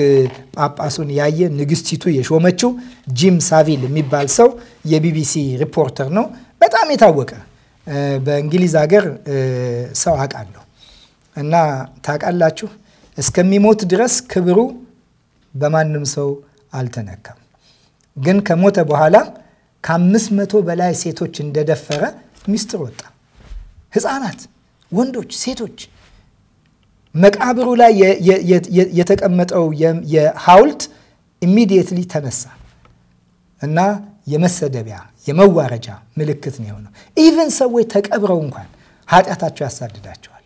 ጳጳሱን ያየ ንግስቲቱ የሾመችው ጂም ሳቪል የሚባል ሰው የቢቢሲ ሪፖርተር ነው። በጣም የታወቀ በእንግሊዝ ሀገር ሰው አውቃለሁ እና ታውቃላችሁ፣ እስከሚሞት ድረስ ክብሩ በማንም ሰው አልተነካም። ግን ከሞተ በኋላ ከአምስት መቶ በላይ ሴቶች እንደደፈረ ሚስጥር ወጣ። ህፃናት፣ ወንዶች፣ ሴቶች መቃብሩ ላይ የተቀመጠው የሐውልት ኢሚዲየትሊ ተነሳ እና የመሰደቢያ የመዋረጃ ምልክት ነው የሆነው። ኢቨን ሰዎች ተቀብረው እንኳን ኃጢአታቸው ያሳድዳቸዋል።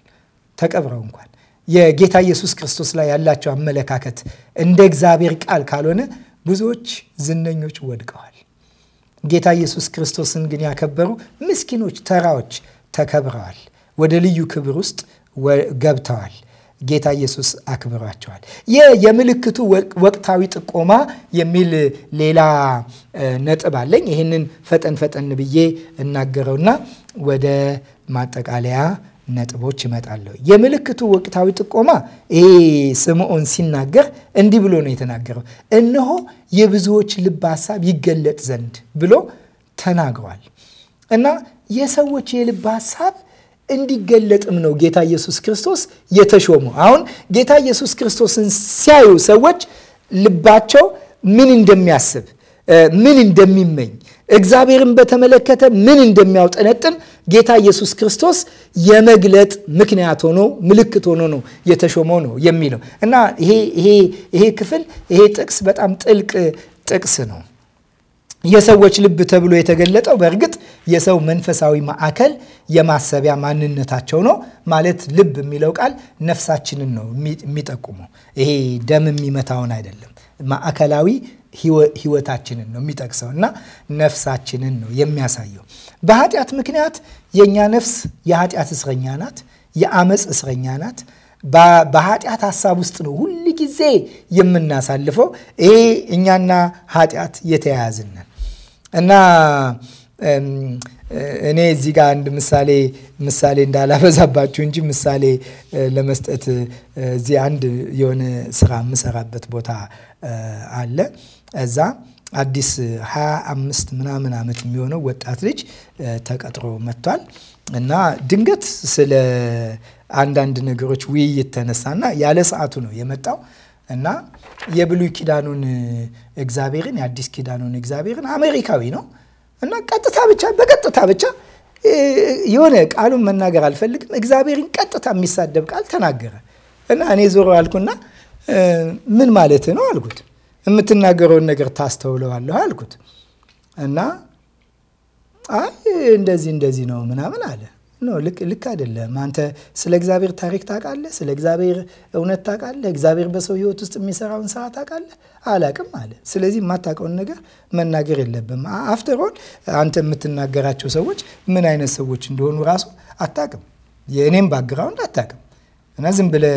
ተቀብረው እንኳን የጌታ ኢየሱስ ክርስቶስ ላይ ያላቸው አመለካከት እንደ እግዚአብሔር ቃል ካልሆነ ብዙዎች ዝነኞች ወድቀዋል። ጌታ ኢየሱስ ክርስቶስን ግን ያከበሩ ምስኪኖች፣ ተራዎች ተከብረዋል። ወደ ልዩ ክብር ውስጥ ገብተዋል። ጌታ ኢየሱስ አክብሯቸዋል። ይህ የምልክቱ ወቅታዊ ጥቆማ የሚል ሌላ ነጥብ አለኝ። ይህንን ፈጠን ፈጠን ብዬ እናገረውና ወደ ማጠቃለያ ነጥቦች እመጣለሁ። የምልክቱ ወቅታዊ ጥቆማ ይሄ ስምዖን ሲናገር እንዲህ ብሎ ነው የተናገረው። እነሆ የብዙዎች ልብ ሀሳብ ይገለጥ ዘንድ ብሎ ተናግሯል እና የሰዎች የልብ ሀሳብ እንዲገለጥም ነው ጌታ ኢየሱስ ክርስቶስ የተሾመው። አሁን ጌታ ኢየሱስ ክርስቶስን ሲያዩ ሰዎች ልባቸው ምን እንደሚያስብ ምን እንደሚመኝ እግዚአብሔርን በተመለከተ ምን እንደሚያውጠነጥን ጌታ ኢየሱስ ክርስቶስ የመግለጥ ምክንያት ሆኖ ምልክት ሆኖ ነው የተሾመው ነው የሚለው እና ይሄ ክፍል ይሄ ጥቅስ በጣም ጥልቅ ጥቅስ ነው። የሰዎች ልብ ተብሎ የተገለጠው በእርግጥ የሰው መንፈሳዊ ማዕከል የማሰቢያ ማንነታቸው ነው። ማለት ልብ የሚለው ቃል ነፍሳችንን ነው የሚጠቁመው። ይሄ ደም የሚመታውን አይደለም፣ ማዕከላዊ ህይወታችንን ነው የሚጠቅሰው እና ነፍሳችንን ነው የሚያሳየው። በኃጢአት ምክንያት የእኛ ነፍስ የኃጢአት እስረኛ ናት፣ የአመፅ እስረኛ ናት። በኃጢአት ሀሳብ ውስጥ ነው ሁል ጊዜ የምናሳልፈው። ይሄ እኛና ኃጢአት የተያያዝነን እና እኔ እዚህ ጋር አንድ ምሳሌ ምሳሌ እንዳላበዛባችሁ እንጂ ምሳሌ ለመስጠት እዚህ አንድ የሆነ ስራ የምሰራበት ቦታ አለ። እዛ አዲስ አምስት ምናምን ዓመት የሚሆነው ወጣት ልጅ ተቀጥሮ መጥቷል እና ድንገት ስለ አንዳንድ ነገሮች ውይይት ተነሳና ያለ ሰዓቱ ነው የመጣው እና የብሉይ ኪዳኑን እግዚአብሔርን የአዲስ ኪዳኑን እግዚአብሔርን አሜሪካዊ ነው እና ቀጥታ ብቻ በቀጥታ ብቻ የሆነ ቃሉን መናገር አልፈልግም። እግዚአብሔርን ቀጥታ የሚሳደብ ቃል ተናገረ እና እኔ ዞሮ አልኩና ምን ማለት ነው አልኩት። የምትናገረውን ነገር ታስተውለዋለሁ አልኩት እና አይ እንደዚህ እንደዚህ ነው ምናምን አለ ኖ ልክ አይደለም። አንተ ስለ እግዚአብሔር ታሪክ ታውቃለህ? ስለ እግዚአብሔር እውነት ታውቃለህ? እግዚአብሔር በሰው ህይወት ውስጥ የሚሰራውን ስራ ታውቃለህ? አላቅም አለ። ስለዚህ የማታውቀውን ነገር መናገር የለብም። አፍተሮል አንተ የምትናገራቸው ሰዎች ምን አይነት ሰዎች እንደሆኑ ራሱ አታውቅም። የእኔም ባግራውንድ አታውቅም። እና ዝም ብለህ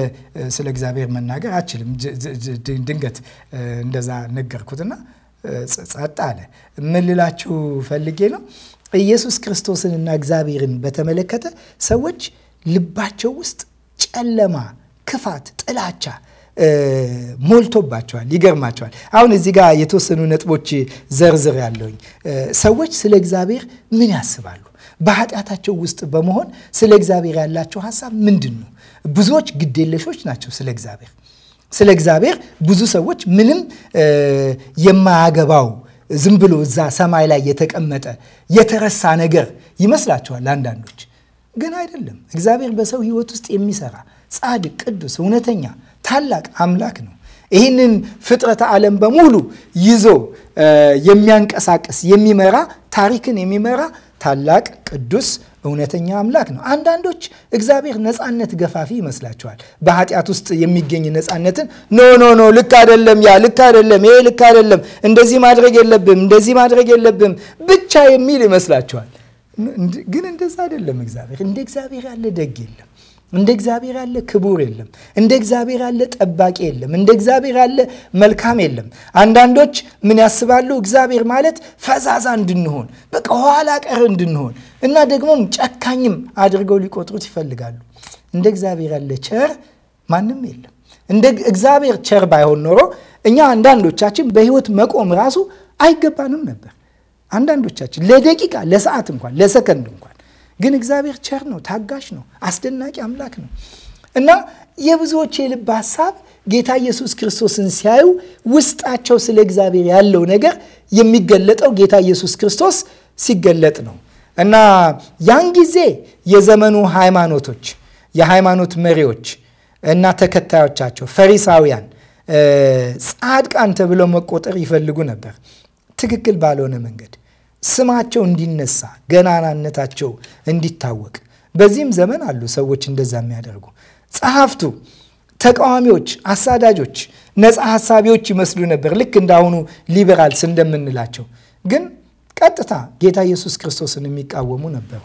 ስለ እግዚአብሔር መናገር አችልም። ድንገት እንደዛ ነገርኩትና ጸጥ አለ። ምን ልላችሁ ፈልጌ ነው ኢየሱስ ክርስቶስንና እግዚአብሔርን በተመለከተ ሰዎች ልባቸው ውስጥ ጨለማ፣ ክፋት፣ ጥላቻ ሞልቶባቸዋል። ይገርማቸዋል። አሁን እዚህ ጋር የተወሰኑ ነጥቦች ዘርዝር ያለውኝ ሰዎች ስለ እግዚአብሔር ምን ያስባሉ? በኃጢአታቸው ውስጥ በመሆን ስለ እግዚአብሔር ያላቸው ሀሳብ ምንድን ነው? ብዙዎች ግዴለሾች ናቸው ስለ እግዚአብሔር ስለ እግዚአብሔር ብዙ ሰዎች ምንም የማያገባው ዝም ብሎ እዛ ሰማይ ላይ የተቀመጠ የተረሳ ነገር ይመስላችኋል አንዳንዶች፣ ግን አይደለም። እግዚአብሔር በሰው ሕይወት ውስጥ የሚሰራ ጻድቅ፣ ቅዱስ፣ እውነተኛ፣ ታላቅ አምላክ ነው። ይህንን ፍጥረተ ዓለም በሙሉ ይዞ የሚያንቀሳቅስ የሚመራ ታሪክን የሚመራ ታላቅ ቅዱስ እውነተኛ አምላክ ነው። አንዳንዶች እግዚአብሔር ነፃነት ገፋፊ ይመስላቸዋል። በኃጢአት ውስጥ የሚገኝ ነፃነትን ኖ ኖ ኖ ልክ አይደለም፣ ያ ልክ አይደለም፣ ይሄ ልክ አይደለም፣ እንደዚህ ማድረግ የለብም፣ እንደዚህ ማድረግ የለብም ብቻ የሚል ይመስላቸዋል። ግን እንደዛ አይደለም። እግዚአብሔር እንደ እግዚአብሔር ያለ ደግ የለም። እንደ እግዚአብሔር ያለ ክቡር የለም። እንደ እግዚአብሔር ያለ ጠባቂ የለም። እንደ እግዚአብሔር ያለ መልካም የለም። አንዳንዶች ምን ያስባሉ? እግዚአብሔር ማለት ፈዛዛ እንድንሆን፣ በቃ ኋላ ቀር እንድንሆን እና ደግሞም ጨካኝም አድርገው ሊቆጥሩት ይፈልጋሉ። እንደ እግዚአብሔር ያለ ቸር ማንም የለም። እንደ እግዚአብሔር ቸር ባይሆን ኖሮ እኛ አንዳንዶቻችን በህይወት መቆም ራሱ አይገባንም ነበር። አንዳንዶቻችን ለደቂቃ ለሰዓት እንኳን ለሰከንድ እንኳን ግን እግዚአብሔር ቸር ነው፣ ታጋሽ ነው፣ አስደናቂ አምላክ ነው እና የብዙዎች የልብ ሀሳብ ጌታ ኢየሱስ ክርስቶስን ሲያዩ ውስጣቸው ስለ እግዚአብሔር ያለው ነገር የሚገለጠው ጌታ ኢየሱስ ክርስቶስ ሲገለጥ ነው እና ያን ጊዜ የዘመኑ ሃይማኖቶች፣ የሃይማኖት መሪዎች እና ተከታዮቻቸው ፈሪሳውያን ጻድቃን ተብለው መቆጠር ይፈልጉ ነበር፣ ትክክል ባልሆነ መንገድ ስማቸው እንዲነሳ ገናናነታቸው እንዲታወቅ። በዚህም ዘመን አሉ ሰዎች እንደዛ የሚያደርጉ ጸሐፍቱ፣ ተቃዋሚዎች፣ አሳዳጆች ነፃ ሀሳቢዎች ይመስሉ ነበር፣ ልክ እንዳሁኑ ሊበራልስ እንደምንላቸው። ግን ቀጥታ ጌታ ኢየሱስ ክርስቶስን የሚቃወሙ ነበሩ።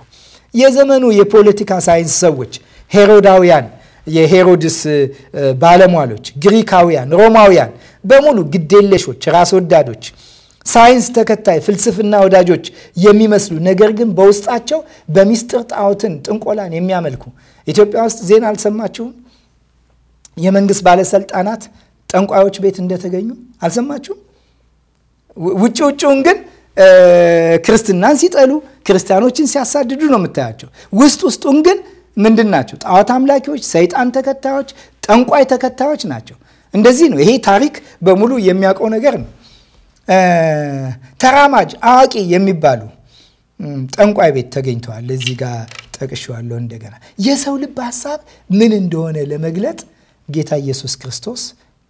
የዘመኑ የፖለቲካ ሳይንስ ሰዎች ሄሮዳውያን፣ የሄሮድስ ባለሟሎች፣ ግሪካውያን፣ ሮማውያን በሙሉ ግዴለሾች፣ ራስ ወዳዶች ሳይንስ ተከታይ ፍልስፍና ወዳጆች የሚመስሉ ነገር ግን በውስጣቸው በሚስጥር ጣዖትን፣ ጥንቆላን የሚያመልኩ ኢትዮጵያ ውስጥ ዜና አልሰማችሁም? የመንግስት ባለስልጣናት ጠንቋዮች ቤት እንደተገኙ አልሰማችሁም? ውጭ ውጭውን ግን ክርስትናን ሲጠሉ ክርስቲያኖችን ሲያሳድዱ ነው የምታያቸው። ውስጥ ውስጡን ግን ምንድን ናቸው? ጣዖት አምላኪዎች፣ ሰይጣን ተከታዮች፣ ጠንቋይ ተከታዮች ናቸው። እንደዚህ ነው። ይሄ ታሪክ በሙሉ የሚያውቀው ነገር ነው። ተራማጅ አዋቂ የሚባሉ ጠንቋይ ቤት ተገኝተዋል። እዚህ ጋር ጠቅሼዋለሁ። እንደገና የሰው ልብ ሀሳብ ምን እንደሆነ ለመግለጥ ጌታ ኢየሱስ ክርስቶስ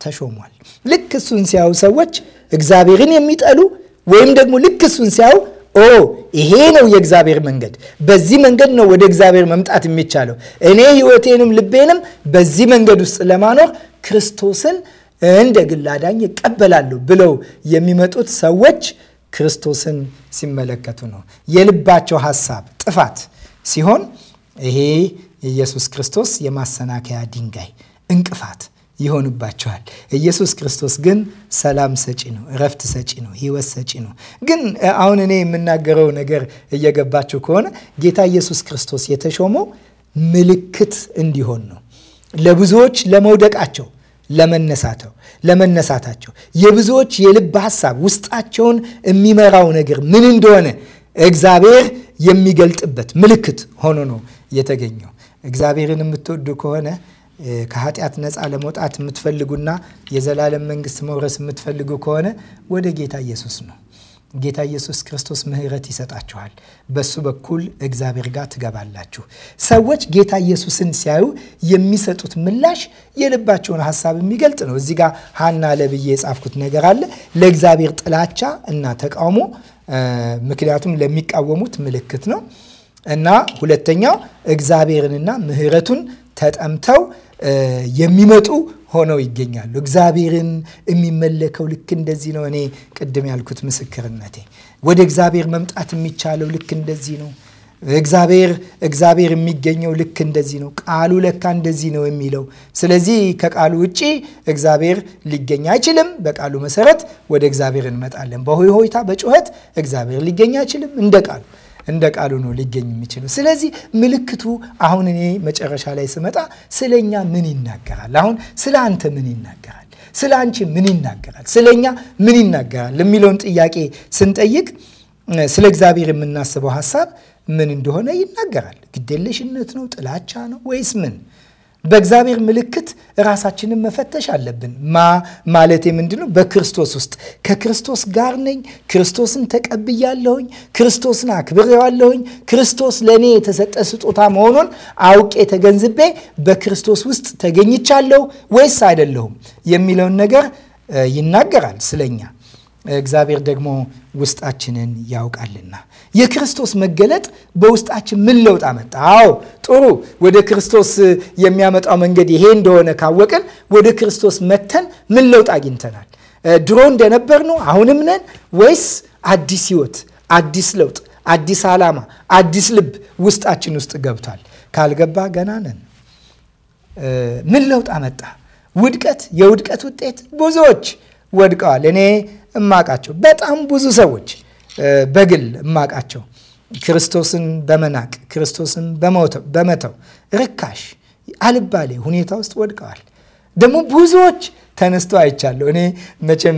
ተሾሟል። ልክ እሱን ሲያዩ ሰዎች እግዚአብሔርን የሚጠሉ ወይም ደግሞ ልክ እሱን ሲያዩ ኦ ይሄ ነው የእግዚአብሔር መንገድ፣ በዚህ መንገድ ነው ወደ እግዚአብሔር መምጣት የሚቻለው፣ እኔ ህይወቴንም ልቤንም በዚህ መንገድ ውስጥ ለማኖር ክርስቶስን እንደ ግል አዳኝ ይቀበላሉ ብለው የሚመጡት ሰዎች ክርስቶስን ሲመለከቱ ነው። የልባቸው ሀሳብ ጥፋት ሲሆን ይሄ ኢየሱስ ክርስቶስ የማሰናከያ ድንጋይ እንቅፋት ይሆንባቸዋል። ኢየሱስ ክርስቶስ ግን ሰላም ሰጪ ነው፣ እረፍት ሰጪ ነው፣ ህይወት ሰጪ ነው። ግን አሁን እኔ የምናገረው ነገር እየገባችሁ ከሆነ ጌታ ኢየሱስ ክርስቶስ የተሾመው ምልክት እንዲሆን ነው ለብዙዎች ለመውደቃቸው ለመነሳተው ለመነሳታቸው የብዙዎች የልብ ሀሳብ ውስጣቸውን የሚመራው ነገር ምን እንደሆነ እግዚአብሔር የሚገልጥበት ምልክት ሆኖ ነው የተገኘው። እግዚአብሔርን የምትወዱ ከሆነ ከኃጢአት ነፃ ለመውጣት የምትፈልጉና የዘላለም መንግስት መውረስ የምትፈልጉ ከሆነ ወደ ጌታ ኢየሱስ ነው ጌታ ኢየሱስ ክርስቶስ ምህረት ይሰጣችኋል። በሱ በኩል እግዚአብሔር ጋር ትገባላችሁ። ሰዎች ጌታ ኢየሱስን ሲያዩ የሚሰጡት ምላሽ የልባቸውን ሀሳብ የሚገልጥ ነው። እዚህ ጋር ሀና ለብዬ የጻፍኩት ነገር አለ። ለእግዚአብሔር ጥላቻ እና ተቃውሞ፣ ምክንያቱም ለሚቃወሙት ምልክት ነው እና ሁለተኛው እግዚአብሔርንና ምህረቱን ተጠምተው የሚመጡ ሆነው ይገኛሉ። እግዚአብሔርን የሚመለከው ልክ እንደዚህ ነው። እኔ ቅድም ያልኩት ምስክርነቴ ወደ እግዚአብሔር መምጣት የሚቻለው ልክ እንደዚህ ነው። እግዚአብሔር እግዚአብሔር የሚገኘው ልክ እንደዚህ ነው። ቃሉ ለካ እንደዚህ ነው የሚለው። ስለዚህ ከቃሉ ውጪ እግዚአብሔር ሊገኝ አይችልም። በቃሉ መሰረት ወደ እግዚአብሔር እንመጣለን። በሆይ ሆይታ በጩኸት እግዚአብሔር ሊገኝ አይችልም እንደ ቃሉ እንደ ቃሉ ነው ሊገኝ የሚችለው። ስለዚህ ምልክቱ አሁን እኔ መጨረሻ ላይ ስመጣ ስለኛ ምን ይናገራል? አሁን ስለ አንተ ምን ይናገራል? ስለ አንቺ ምን ይናገራል? ስለኛ ምን ይናገራል የሚለውን ጥያቄ ስንጠይቅ ስለ እግዚአብሔር የምናስበው ሀሳብ ምን እንደሆነ ይናገራል። ግዴለሽነት ነው? ጥላቻ ነው? ወይስ ምን በእግዚአብሔር ምልክት ራሳችንን መፈተሽ አለብን። ማ ማለት ምንድን ነው? በክርስቶስ ውስጥ ከክርስቶስ ጋር ነኝ፣ ክርስቶስን ተቀብያለሁኝ፣ ክርስቶስን አክብሬዋለሁኝ፣ ክርስቶስ ለእኔ የተሰጠ ስጦታ መሆኑን አውቄ ተገንዝቤ በክርስቶስ ውስጥ ተገኝቻለሁ ወይስ አይደለሁም የሚለውን ነገር ይናገራል ስለኛ እግዚአብሔር ደግሞ ውስጣችንን ያውቃልና የክርስቶስ መገለጥ በውስጣችን ምን ለውጥ አመጣ? አዎ ጥሩ፣ ወደ ክርስቶስ የሚያመጣው መንገድ ይሄ እንደሆነ ካወቅን ወደ ክርስቶስ መተን ምን ለውጥ አግኝተናል? ድሮ እንደነበር ነው አሁንም ነን ወይስ አዲስ ህይወት፣ አዲስ ለውጥ፣ አዲስ ዓላማ፣ አዲስ ልብ ውስጣችን ውስጥ ገብቷል? ካልገባ ገና ነን። ምን ለውጥ አመጣ? ውድቀት፣ የውድቀት ውጤት ብዙዎች ወድቀዋል። እኔ እማቃቸው በጣም ብዙ ሰዎች በግል እማቃቸው ክርስቶስን በመናቅ ክርስቶስን በመተው ርካሽ አልባሌ ሁኔታ ውስጥ ወድቀዋል። ደግሞ ብዙዎች ተነስቶ አይቻለሁ። እኔ መቼም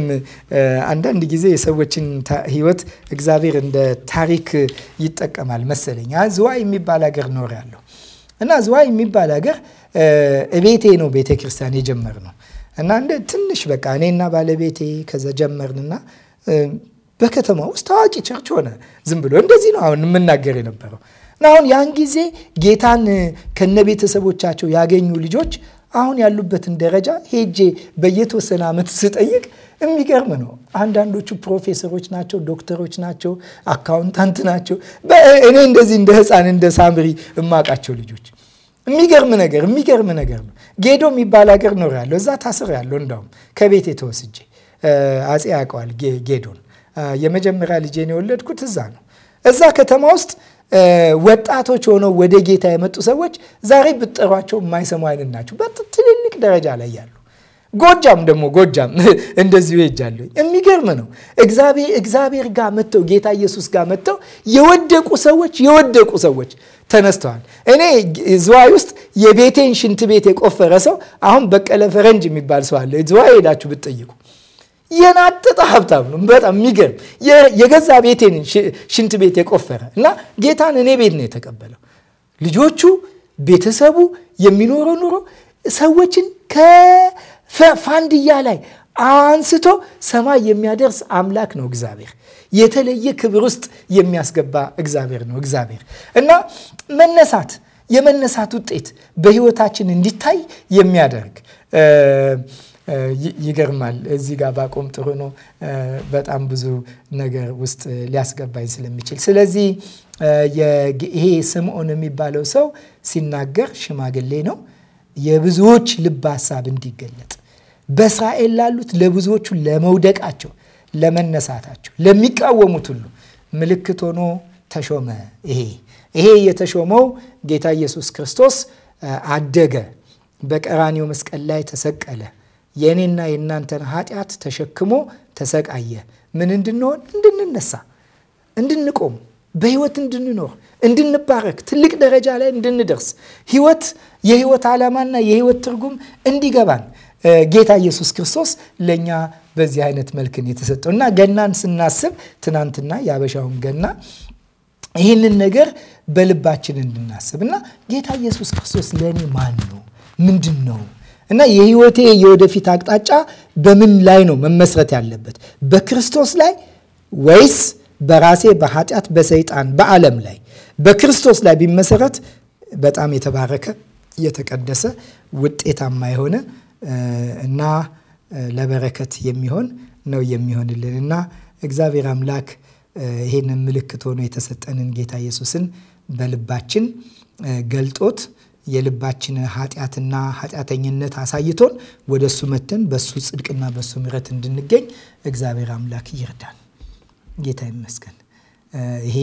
አንዳንድ ጊዜ የሰዎችን ሕይወት እግዚአብሔር እንደ ታሪክ ይጠቀማል መሰለኝ። ዝዋ የሚባል ሀገር ኖር ያለሁ እና ዝዋ የሚባል ሀገር ቤቴ ነው ቤተ ክርስቲያን የጀመር ነው እና እንደ ትንሽ በቃ እኔና ባለቤቴ ከዛ ጀመርንና በከተማ ውስጥ ታዋቂ ቸርች ሆነ። ዝም ብሎ እንደዚህ ነው አሁን የምናገር የነበረው። እና አሁን ያን ጊዜ ጌታን ከነ ቤተሰቦቻቸው ያገኙ ልጆች አሁን ያሉበትን ደረጃ ሄጄ በየተወሰነ ዓመት ስጠይቅ የሚገርም ነው። አንዳንዶቹ ፕሮፌሰሮች ናቸው፣ ዶክተሮች ናቸው፣ አካውንታንት ናቸው። እኔ እንደዚህ እንደ ሕፃን እንደ ሳምሪ እማቃቸው ልጆች የሚገርም ነገር የሚገርም ነገር ነው። ጌዶ የሚባል ሀገር ኖር ያለው እዛ ታስር ያለው እንዳውም ከቤት የተወስጄ አፄ ያውቀዋል ጌዶን። የመጀመሪያ ልጄን የወለድኩት እዛ ነው። እዛ ከተማ ውስጥ ወጣቶች ሆነው ወደ ጌታ የመጡ ሰዎች ዛሬ ብትጠሯቸው የማይሰሙ አይነት ናቸው። በትልልቅ ደረጃ ላይ ያሉ ጎጃም ደግሞ ጎጃም እንደዚሁ ሄጃለሁ። የሚገርም ነው። እግዚአብሔር ጋር መጥተው ጌታ ኢየሱስ ጋር መጥተው የወደቁ ሰዎች የወደቁ ሰዎች ተነስተዋል። እኔ ዝዋይ ውስጥ የቤቴን ሽንት ቤት የቆፈረ ሰው አሁን በቀለ ፈረንጅ የሚባል ሰው አለ። ዝዋይ ሄዳችሁ ብትጠይቁ የናጠጠ ሀብታም ነው። በጣም የሚገርም የገዛ ቤቴን ሽንት ቤት የቆፈረ እና ጌታን እኔ ቤት ነው የተቀበለው። ልጆቹ ቤተሰቡ የሚኖረው ኑሮ ሰዎችን ፋንድያ ላይ አንስቶ ሰማይ የሚያደርስ አምላክ ነው እግዚአብሔር። የተለየ ክብር ውስጥ የሚያስገባ እግዚአብሔር ነው እግዚአብሔር እና መነሳት የመነሳት ውጤት በህይወታችን እንዲታይ የሚያደርግ ይገርማል። እዚህ ጋር ባቆም ጥሩ ነው። በጣም ብዙ ነገር ውስጥ ሊያስገባኝ ስለሚችል ስለዚህ ይሄ ስምዖን የሚባለው ሰው ሲናገር ሽማግሌ ነው። የብዙዎች ልብ ሀሳብ እንዲገለጥ በእስራኤል ላሉት ለብዙዎቹ ለመውደቃቸው፣ ለመነሳታቸው፣ ለሚቃወሙት ሁሉ ምልክት ሆኖ ተሾመ። ይሄ ይሄ የተሾመው ጌታ ኢየሱስ ክርስቶስ አደገ፣ በቀራኒው መስቀል ላይ ተሰቀለ። የእኔና የእናንተን ኃጢአት ተሸክሞ ተሰቃየ። ምን እንድንሆን? እንድንነሳ፣ እንድንቆም፣ በህይወት እንድንኖር፣ እንድንባረክ፣ ትልቅ ደረጃ ላይ እንድንደርስ፣ ህይወት የህይወት ዓላማና የህይወት ትርጉም እንዲገባን ጌታ ኢየሱስ ክርስቶስ ለእኛ በዚህ አይነት መልክን የተሰጠው እና ገናን ስናስብ ትናንትና የአበሻውን ገና ይህንን ነገር በልባችን እንድናስብ እና ጌታ ኢየሱስ ክርስቶስ ለእኔ ማን ነው? ምንድን ነው እና የህይወቴ የወደፊት አቅጣጫ በምን ላይ ነው መመስረት ያለበት? በክርስቶስ ላይ ወይስ በራሴ በኃጢአት በሰይጣን በዓለም ላይ? በክርስቶስ ላይ ቢመሰረት በጣም የተባረከ የተቀደሰ ውጤታማ የሆነ እና ለበረከት የሚሆን ነው የሚሆንልን እና እግዚአብሔር አምላክ ይሄንን ምልክት ሆኖ የተሰጠንን ጌታ ኢየሱስን በልባችን ገልጦት የልባችንን ኃጢአትና ኃጢአተኝነት አሳይቶን ወደ እሱ መተን በሱ ጽድቅና በሱ ምረት እንድንገኝ እግዚአብሔር አምላክ ይርዳን። ጌታ ይመስገን። ይሄ